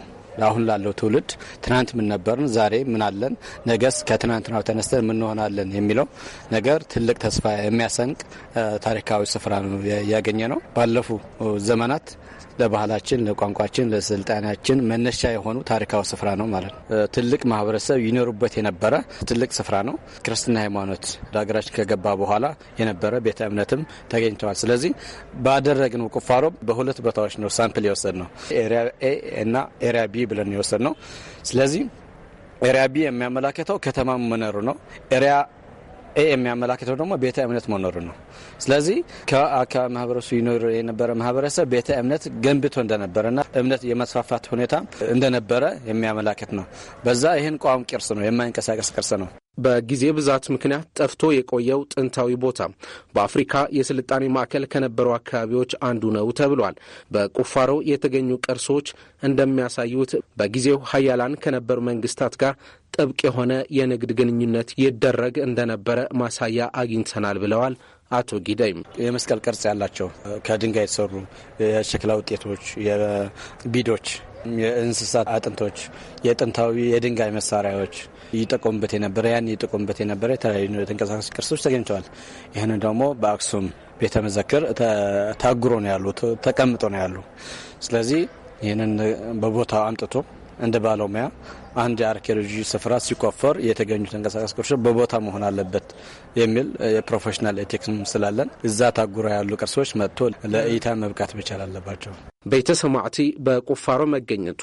አሁን ላለው ትውልድ ትናንት ምን ነበርን፣ ዛሬ ምን አለን፣ ነገስ ከትናንትናው ተነስተን ምን እንሆናለን የሚለው ነገር ትልቅ ተስፋ የሚያሰንቅ ታሪካዊ ስፍራ ነው ያገኘ ነው። ባለፉ ዘመናት ለባህላችን፣ ለቋንቋችን፣ ለስልጣናችን መነሻ የሆኑ ታሪካዊ ስፍራ ነው ማለት ነው። ትልቅ ማህበረሰብ ይኖሩበት የነበረ ትልቅ ስፍራ ነው። ክርስትና ሃይማኖት ለሀገራችን ከገባ በኋላ የነበረ ቤተ እምነትም ተገኝተዋል። ስለዚህ ባደረግነው ቁፋሮ በሁለት ቦታዎች ነው ሳምፕል የወሰድ ነው ኤሪያ ኤ እና ኤሪያ ቢ ብለን የወሰድ ነው። ስለዚህ ኤሪያ ቢ የሚያመላክተው ከተማ መኖሩ ነው። ኤሪያ ኤ የሚያመላክተው ደግሞ ቤተ እምነት መኖሩ ነው። ስለዚህ ከአካባቢ ይኖር የነበረ ማህበረሰብ ቤተ እምነት ገንብቶ እንደነበረና እምነት የመስፋፋት ሁኔታ እንደነበረ የሚያመላክት ነው። በዛ ይህን ቋም ቅርስ ነው የማይንቀሳቀስ ቅርስ ነው። በጊዜ ብዛት ምክንያት ጠፍቶ የቆየው ጥንታዊ ቦታ በአፍሪካ የስልጣኔ ማዕከል ከነበሩ አካባቢዎች አንዱ ነው ተብሏል። በቁፋሮ የተገኙ ቅርሶች እንደሚያሳዩት በጊዜው ሀያላን ከነበሩ መንግስታት ጋር ጥብቅ የሆነ የንግድ ግንኙነት ይደረግ እንደነበረ ማሳያ አግኝተናል ብለዋል። አቶ ጊደይም የመስቀል ቅርጽ ያላቸው ከድንጋይ የተሰሩ የሸክላ ውጤቶች፣ የቢዶች የእንስሳት አጥንቶች፣ የጥንታዊ የድንጋይ መሳሪያዎች ይጠቆሙበት የነበረ ያን ይጠቆሙበት የነበረ የተለያዩ ተንቀሳቃሽ ቅርሶች ተገኝተዋል። ይህን ደግሞ በአክሱም ቤተ መዘክር ታጉሮ ነው ያሉ ተቀምጦ ነው ያሉ። ስለዚህ ይህንን በቦታው አምጥቶ እንደ ባለሙያ አንድ የአርኪኦሎጂ ስፍራ ሲቆፈር የተገኙ ተንቀሳቃሽ ቅርሶች በቦታ መሆን አለበት የሚል የፕሮፌሽናል ኤቲክስም ስላለን እዛ ታጉራ ያሉ ቅርሶች መጥቶ ለእይታ መብቃት መቻል አለባቸው። ቤተ ሰማዕቲ በቁፋሮ መገኘቱ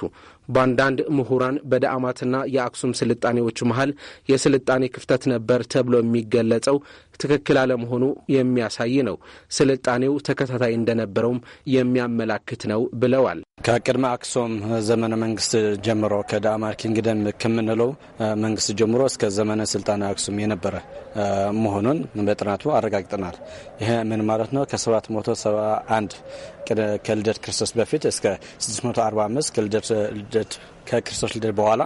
በአንዳንድ ምሁራን በደአማትና የአክሱም ስልጣኔዎች መሀል የስልጣኔ ክፍተት ነበር ተብሎ የሚገለጸው ትክክል አለመሆኑ የሚያሳይ ነው። ስልጣኔው ተከታታይ እንደነበረውም የሚያመላክት ነው ብለዋል። ከቅድመ አክሱም ዘመነ መንግስት ጀምሮ ከዳማር ኪንግደም ከምንለው መንግስት ጀምሮ እስከ ዘመነ ስልጣነ አክሱም የነበረ መሆኑን በጥናቱ አረጋግጠናል። ይህ ምን ማለት ነው? ከ771 ከልደት ክርስቶስ በፊት እስከ 645 ከልደት ልደት ከክርስቶስ ልደት በኋላ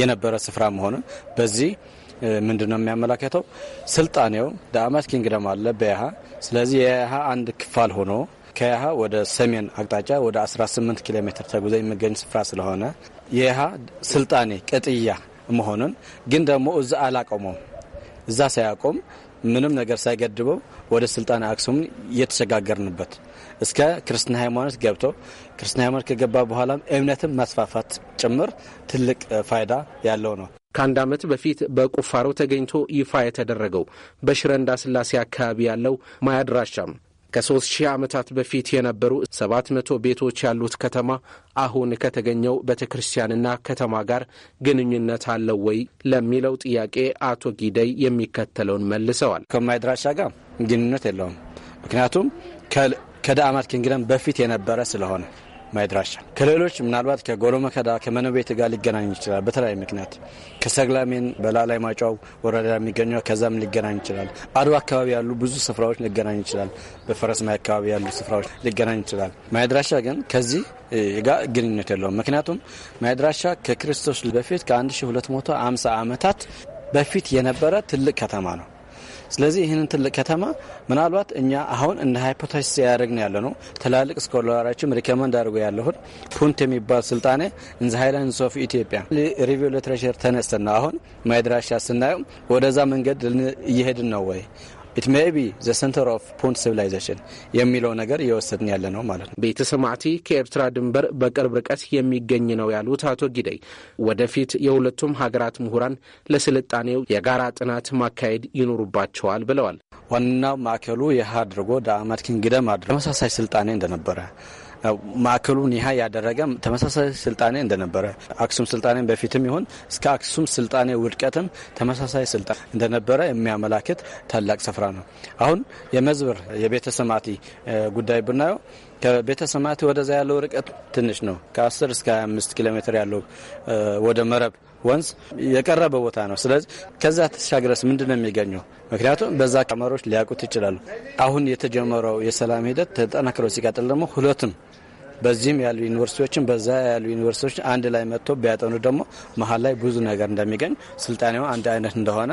የነበረ ስፍራ መሆኑን በዚህ ምንድን ነው ስልጣኔው ዳአማት ኪንግደም አለ በያሃ። ስለዚህ የያሃ አንድ ክፋል ሆኖ ከያሃ ወደ ሰሜን አቅጣጫ ወደ 18 ኪሎ ሜትር ተጉዘ የሚገኝ ስፍራ ስለሆነ የያሃ ስልጣኔ ቅጥያ መሆኑን ግን ደግሞ እዛ አላቆመው እዛ ሳያቆም ምንም ነገር ሳይገድበው ወደ ስልጣኔ አክሱም እየተሸጋገርንበት እስከ ክርስትና ሃይማኖት ገብቶ ክርስትና ሃይማኖት ከገባ በኋላም እምነትን ማስፋፋት ጭምር ትልቅ ፋይዳ ያለው ነው። ከአንድ ዓመት በፊት በቁፋሮ ተገኝቶ ይፋ የተደረገው በሽረንዳ ስላሴ አካባቢ ያለው ማያድራሻም ከሶስት ሺህ ዓመታት በፊት የነበሩ ሰባት መቶ ቤቶች ያሉት ከተማ አሁን ከተገኘው ቤተ ክርስቲያንና ከተማ ጋር ግንኙነት አለው ወይ ለሚለው ጥያቄ አቶ ጊደይ የሚከተለውን መልሰዋል። ከማይድራሻ ጋር ግንኙነት የለውም። ምክንያቱም ከዳአማት ኪንግደም በፊት የነበረ ስለሆነ ማይድራሻ ከሌሎች ምናልባት ከጎሎመከዳ ከመኖቤት ጋር ሊገናኝ ይችላል። በተለያዩ ምክንያት ከሰግላሜን በላላይ ማጫው ወረዳ የሚገኙ ከዛም ሊገናኝ ይችላል። አድዋ አካባቢ ያሉ ብዙ ስፍራዎች ሊገናኝ ይችላል። ማይ አካባቢ ያሉ ስፍራዎች ሊገናኝ ይችላል። ማይድራሻ ግን ከዚህ ጋር ግንኙነት የለውም። ምክንያቱም ማይድራሻ ከክርስቶስ በፊት ከ1250 ዓመታት በፊት የነበረ ትልቅ ከተማ ነው። ስለዚህ ይህንን ትልቅ ከተማ ምናልባት እኛ አሁን እንደ ሃይፖታሲስ ያደረግን ያለ ነው። ትላልቅ ስኮላራችም ሪከመንድ አድርጎ ያለሁን ፑንት የሚባል ስልጣኔ እንዘ ሃይላንድስ ኦፍ ኢትዮጵያ ሪቪው ሊትሬቸር ተነስተና አሁን ማይድራሻ ስናየው ወደዛ መንገድ እየሄድን ነው ወይ ኢት ሜይ ቢ ዘ ኦፍ ፑንት ሲቪላይዜሽን የሚለው ነገር እየወሰድን ያለ ነው ማለት ነው። ቤተ ሰማዕቲ ከኤርትራ ድንበር በቅርብ ርቀት የሚገኝ ነው ያሉት አቶ ጊደይ ወደፊት የሁለቱም ሀገራት ምሁራን ለስልጣኔው የጋራ ጥናት ማካሄድ ይኖሩባቸዋል ብለዋል። ዋናው ማዕከሉ የሃ አድርጎ ዳአማት ኪንግደም አድርጎ ተመሳሳይ ስልጣኔ እንደነበረ ማዕከሉን ይህ ያደረገ ተመሳሳይ ስልጣኔ እንደነበረ አክሱም ስልጣኔ በፊትም ይሁን እስከ አክሱም ስልጣኔ ውድቀትም ተመሳሳይ ስልጣን እንደነበረ የሚያመላክት ታላቅ ስፍራ ነው። አሁን የመዝብር የቤተሰማቲ ጉዳይ ብናየው ከቤተ ሰማቲ ወደዛ ያለው ርቀት ትንሽ ነው። ከ10 እስከ 25 ኪሎ ሜትር ያለው ወደ መረብ ወንዝ የቀረበ ቦታ ነው። ስለዚህ ከዛ ተሻግረስ ምንድን ነው የሚገኘው? ምክንያቱም በዛ ቀመሮች ሊያውቁት ይችላሉ። አሁን የተጀመረው የሰላም ሂደት ተጠናክሮ ሲቀጥል ደግሞ ሁለቱም በዚህም ያሉ ዩኒቨርሲቲዎችን በዛ ያሉ ዩኒቨርሲቲዎች አንድ ላይ መጥቶ ቢያጠኑ ደግሞ መሀል ላይ ብዙ ነገር እንደሚገኝ ስልጣኔው አንድ አይነት እንደሆነ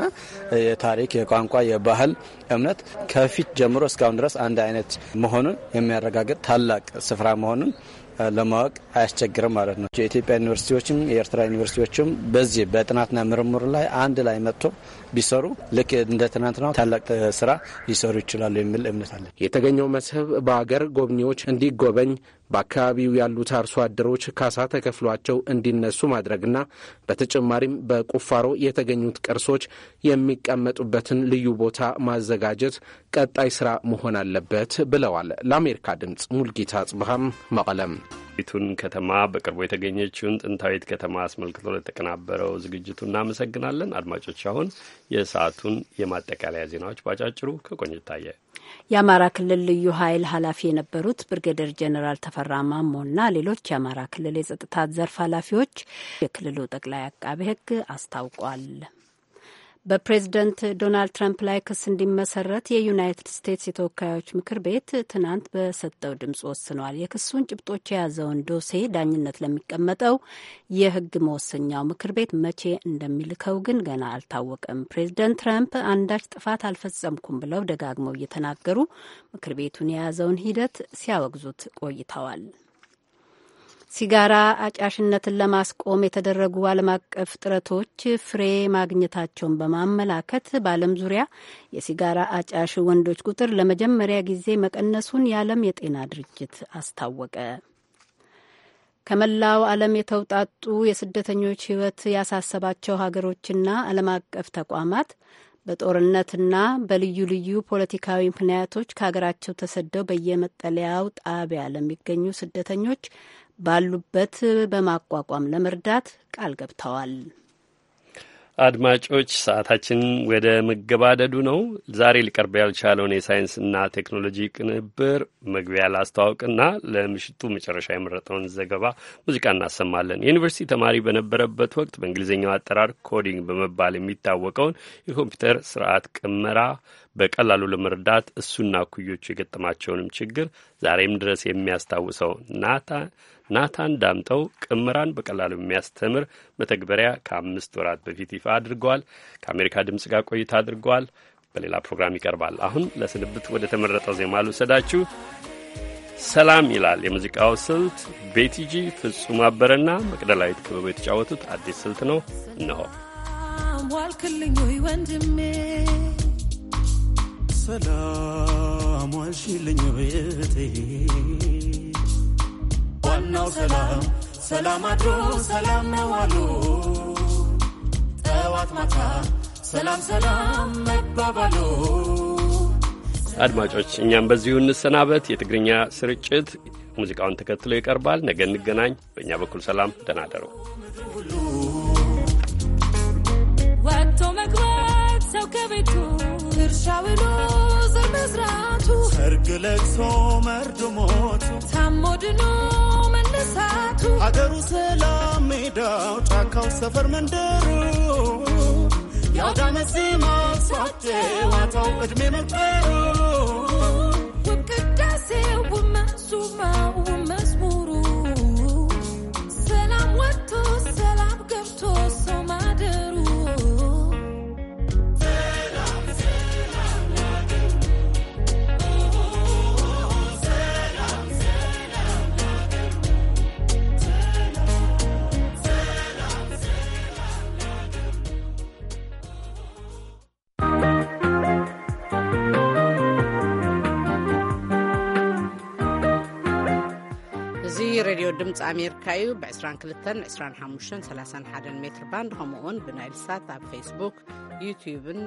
የታሪክ፣ የቋንቋ፣ የባህል፣ እምነት ከፊት ጀምሮ እስካሁን ድረስ አንድ አይነት መሆኑን የሚያረጋግጥ ታላቅ ስፍራ መሆኑን ለማወቅ አያስቸግርም ማለት ነው። የኢትዮጵያ ዩኒቨርሲቲዎችም የኤርትራ ዩኒቨርሲቲዎችም በዚህ በጥናትና ምርምሩ ላይ አንድ ላይ መጥቶ ቢሰሩ ልክ እንደ ትናንትናው ታላቅ ስራ ሊሰሩ ይችላሉ የሚል እምነት አለ። የተገኘው መስህብ በአገር ጎብኚዎች እንዲጎበኝ በአካባቢው ያሉት አርሶ አደሮች ካሳ ተከፍሏቸው እንዲነሱ ማድረግና በተጨማሪም በቁፋሮ የተገኙት ቅርሶች የሚቀመጡበትን ልዩ ቦታ ማዘጋጀት ቀጣይ ስራ መሆን አለበት ብለዋል። ለአሜሪካ ድምፅ ሙልጌታ ጽብሃም መቀለም ቱን ከተማ በቅርቡ የተገኘችውን ጥንታዊት ከተማ አስመልክቶ ለተቀናበረው ዝግጅቱ እናመሰግናለን። አድማጮች፣ አሁን የሰዓቱን የማጠቃለያ ዜናዎች ባጫጭሩ ከቆንጅት ታየ። የአማራ ክልል ልዩ ኃይል ኃላፊ የነበሩት ብርጌደር ጀኔራል ተፈራ ማሞና ሌሎች የአማራ ክልል የጸጥታ ዘርፍ ኃላፊዎች የክልሉ ጠቅላይ አቃቤ ሕግ አስታውቋል። በፕሬዝደንት ዶናልድ ትራምፕ ላይ ክስ እንዲመሰረት የዩናይትድ ስቴትስ የተወካዮች ምክር ቤት ትናንት በሰጠው ድምፅ ወስኗል። የክሱን ጭብጦች የያዘውን ዶሴ ዳኝነት ለሚቀመጠው የሕግ መወሰኛው ምክር ቤት መቼ እንደሚልከው ግን ገና አልታወቀም። ፕሬዝደንት ትራምፕ አንዳች ጥፋት አልፈጸምኩም ብለው ደጋግመው እየተናገሩ ምክር ቤቱን የያዘውን ሂደት ሲያወግዙት ቆይተዋል። ሲጋራ አጫሽነትን ለማስቆም የተደረጉ ዓለም አቀፍ ጥረቶች ፍሬ ማግኘታቸውን በማመላከት በዓለም ዙሪያ የሲጋራ አጫሽ ወንዶች ቁጥር ለመጀመሪያ ጊዜ መቀነሱን የዓለም የጤና ድርጅት አስታወቀ። ከመላው ዓለም የተውጣጡ የስደተኞች ሕይወት ያሳሰባቸው ሀገሮችና ዓለም አቀፍ ተቋማት በጦርነትና በልዩ ልዩ ፖለቲካዊ ምክንያቶች ከሀገራቸው ተሰደው በየመጠለያው ጣቢያ ለሚገኙ ስደተኞች ባሉበት በማቋቋም ለመርዳት ቃል ገብተዋል። አድማጮች፣ ሰዓታችን ወደ መገባደዱ ነው። ዛሬ ሊቀርብ ያልቻለውን የሳይንስና ቴክኖሎጂ ቅንብር መግቢያ ላስተዋውቅና ለምሽቱ መጨረሻ የመረጠውን ዘገባ ሙዚቃ እናሰማለን። የዩኒቨርሲቲ ተማሪ በነበረበት ወቅት በእንግሊዝኛው አጠራር ኮዲንግ በመባል የሚታወቀውን የኮምፒውተር ስርዓት ቅመራ በቀላሉ ለመርዳት እሱና ኩዮቹ የገጠማቸውንም ችግር ዛሬም ድረስ የሚያስታውሰው ናታ ናታን ዳምጠው ቅመራን በቀላሉ የሚያስተምር መተግበሪያ ከአምስት ወራት በፊት ይፋ አድርገዋል። ከአሜሪካ ድምፅ ጋር ቆይታ አድርገዋል። በሌላ ፕሮግራም ይቀርባል። አሁን ለስንብት ወደ ተመረጠው ዜማ ልውሰዳችሁ። ሰላም ይላል የሙዚቃው ስልት። ቤቲጂ ፍጹም አበረና መቅደላዊት ክበቡ የተጫወቱት አዲስ ስልት ነው። እነሆ ዋልክልኝ ወይ ወንድሜ፣ ሰላም ዋልሽልኝ ወይ ነው ሰላም ሰላም አድሮ ሰላም ነው አሉ ጠዋት ማታ ሰላም ሰላም መባባሉ። አድማጮች እኛም በዚሁ እንሰናበት። የትግርኛ ስርጭት ሙዚቃውን ተከትሎ ይቀርባል። ነገ እንገናኝ። በእኛ በኩል ሰላም፣ ደህና ደሩ። ወጥቶ መግባት ሰው ከቤቱ ድርሻ ብሎ መስራቱ! ሰርግ ለቅሶ መርድ ሞቱ ታሞ መነሳቱ ሀገሩ ሰላም ሜዳው ጫካው ሰፈር መንደሩ የአውዳመት ዜማ ሳቴ ዋታው ዕድሜ መቅጠሩ ውቅዳሴው ውመሱማው መዝሙሩ ሰላም ወጥቶ ሰላም ገብቶ ሰው ማደሩ ሬድዮ ድምፂ ኣሜሪካ እዩ ብ22 25 31 ሜትር ባንድ ከምኡውን ብናይልሳት ኣብ ፌስቡክ ዩትብን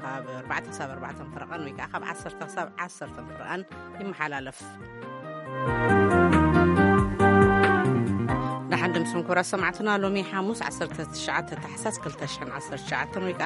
ካብ 4 ሳብ 4 ፍረቐን ወይ ከዓ ካብ 1 ሳብ 1 ፍረቐን ይመሓላለፍ ንሓን ድምስን ኩብራት ሰማዕትና ሎሚ ሓሙስ 19 ተሓሳስ 219 ወይ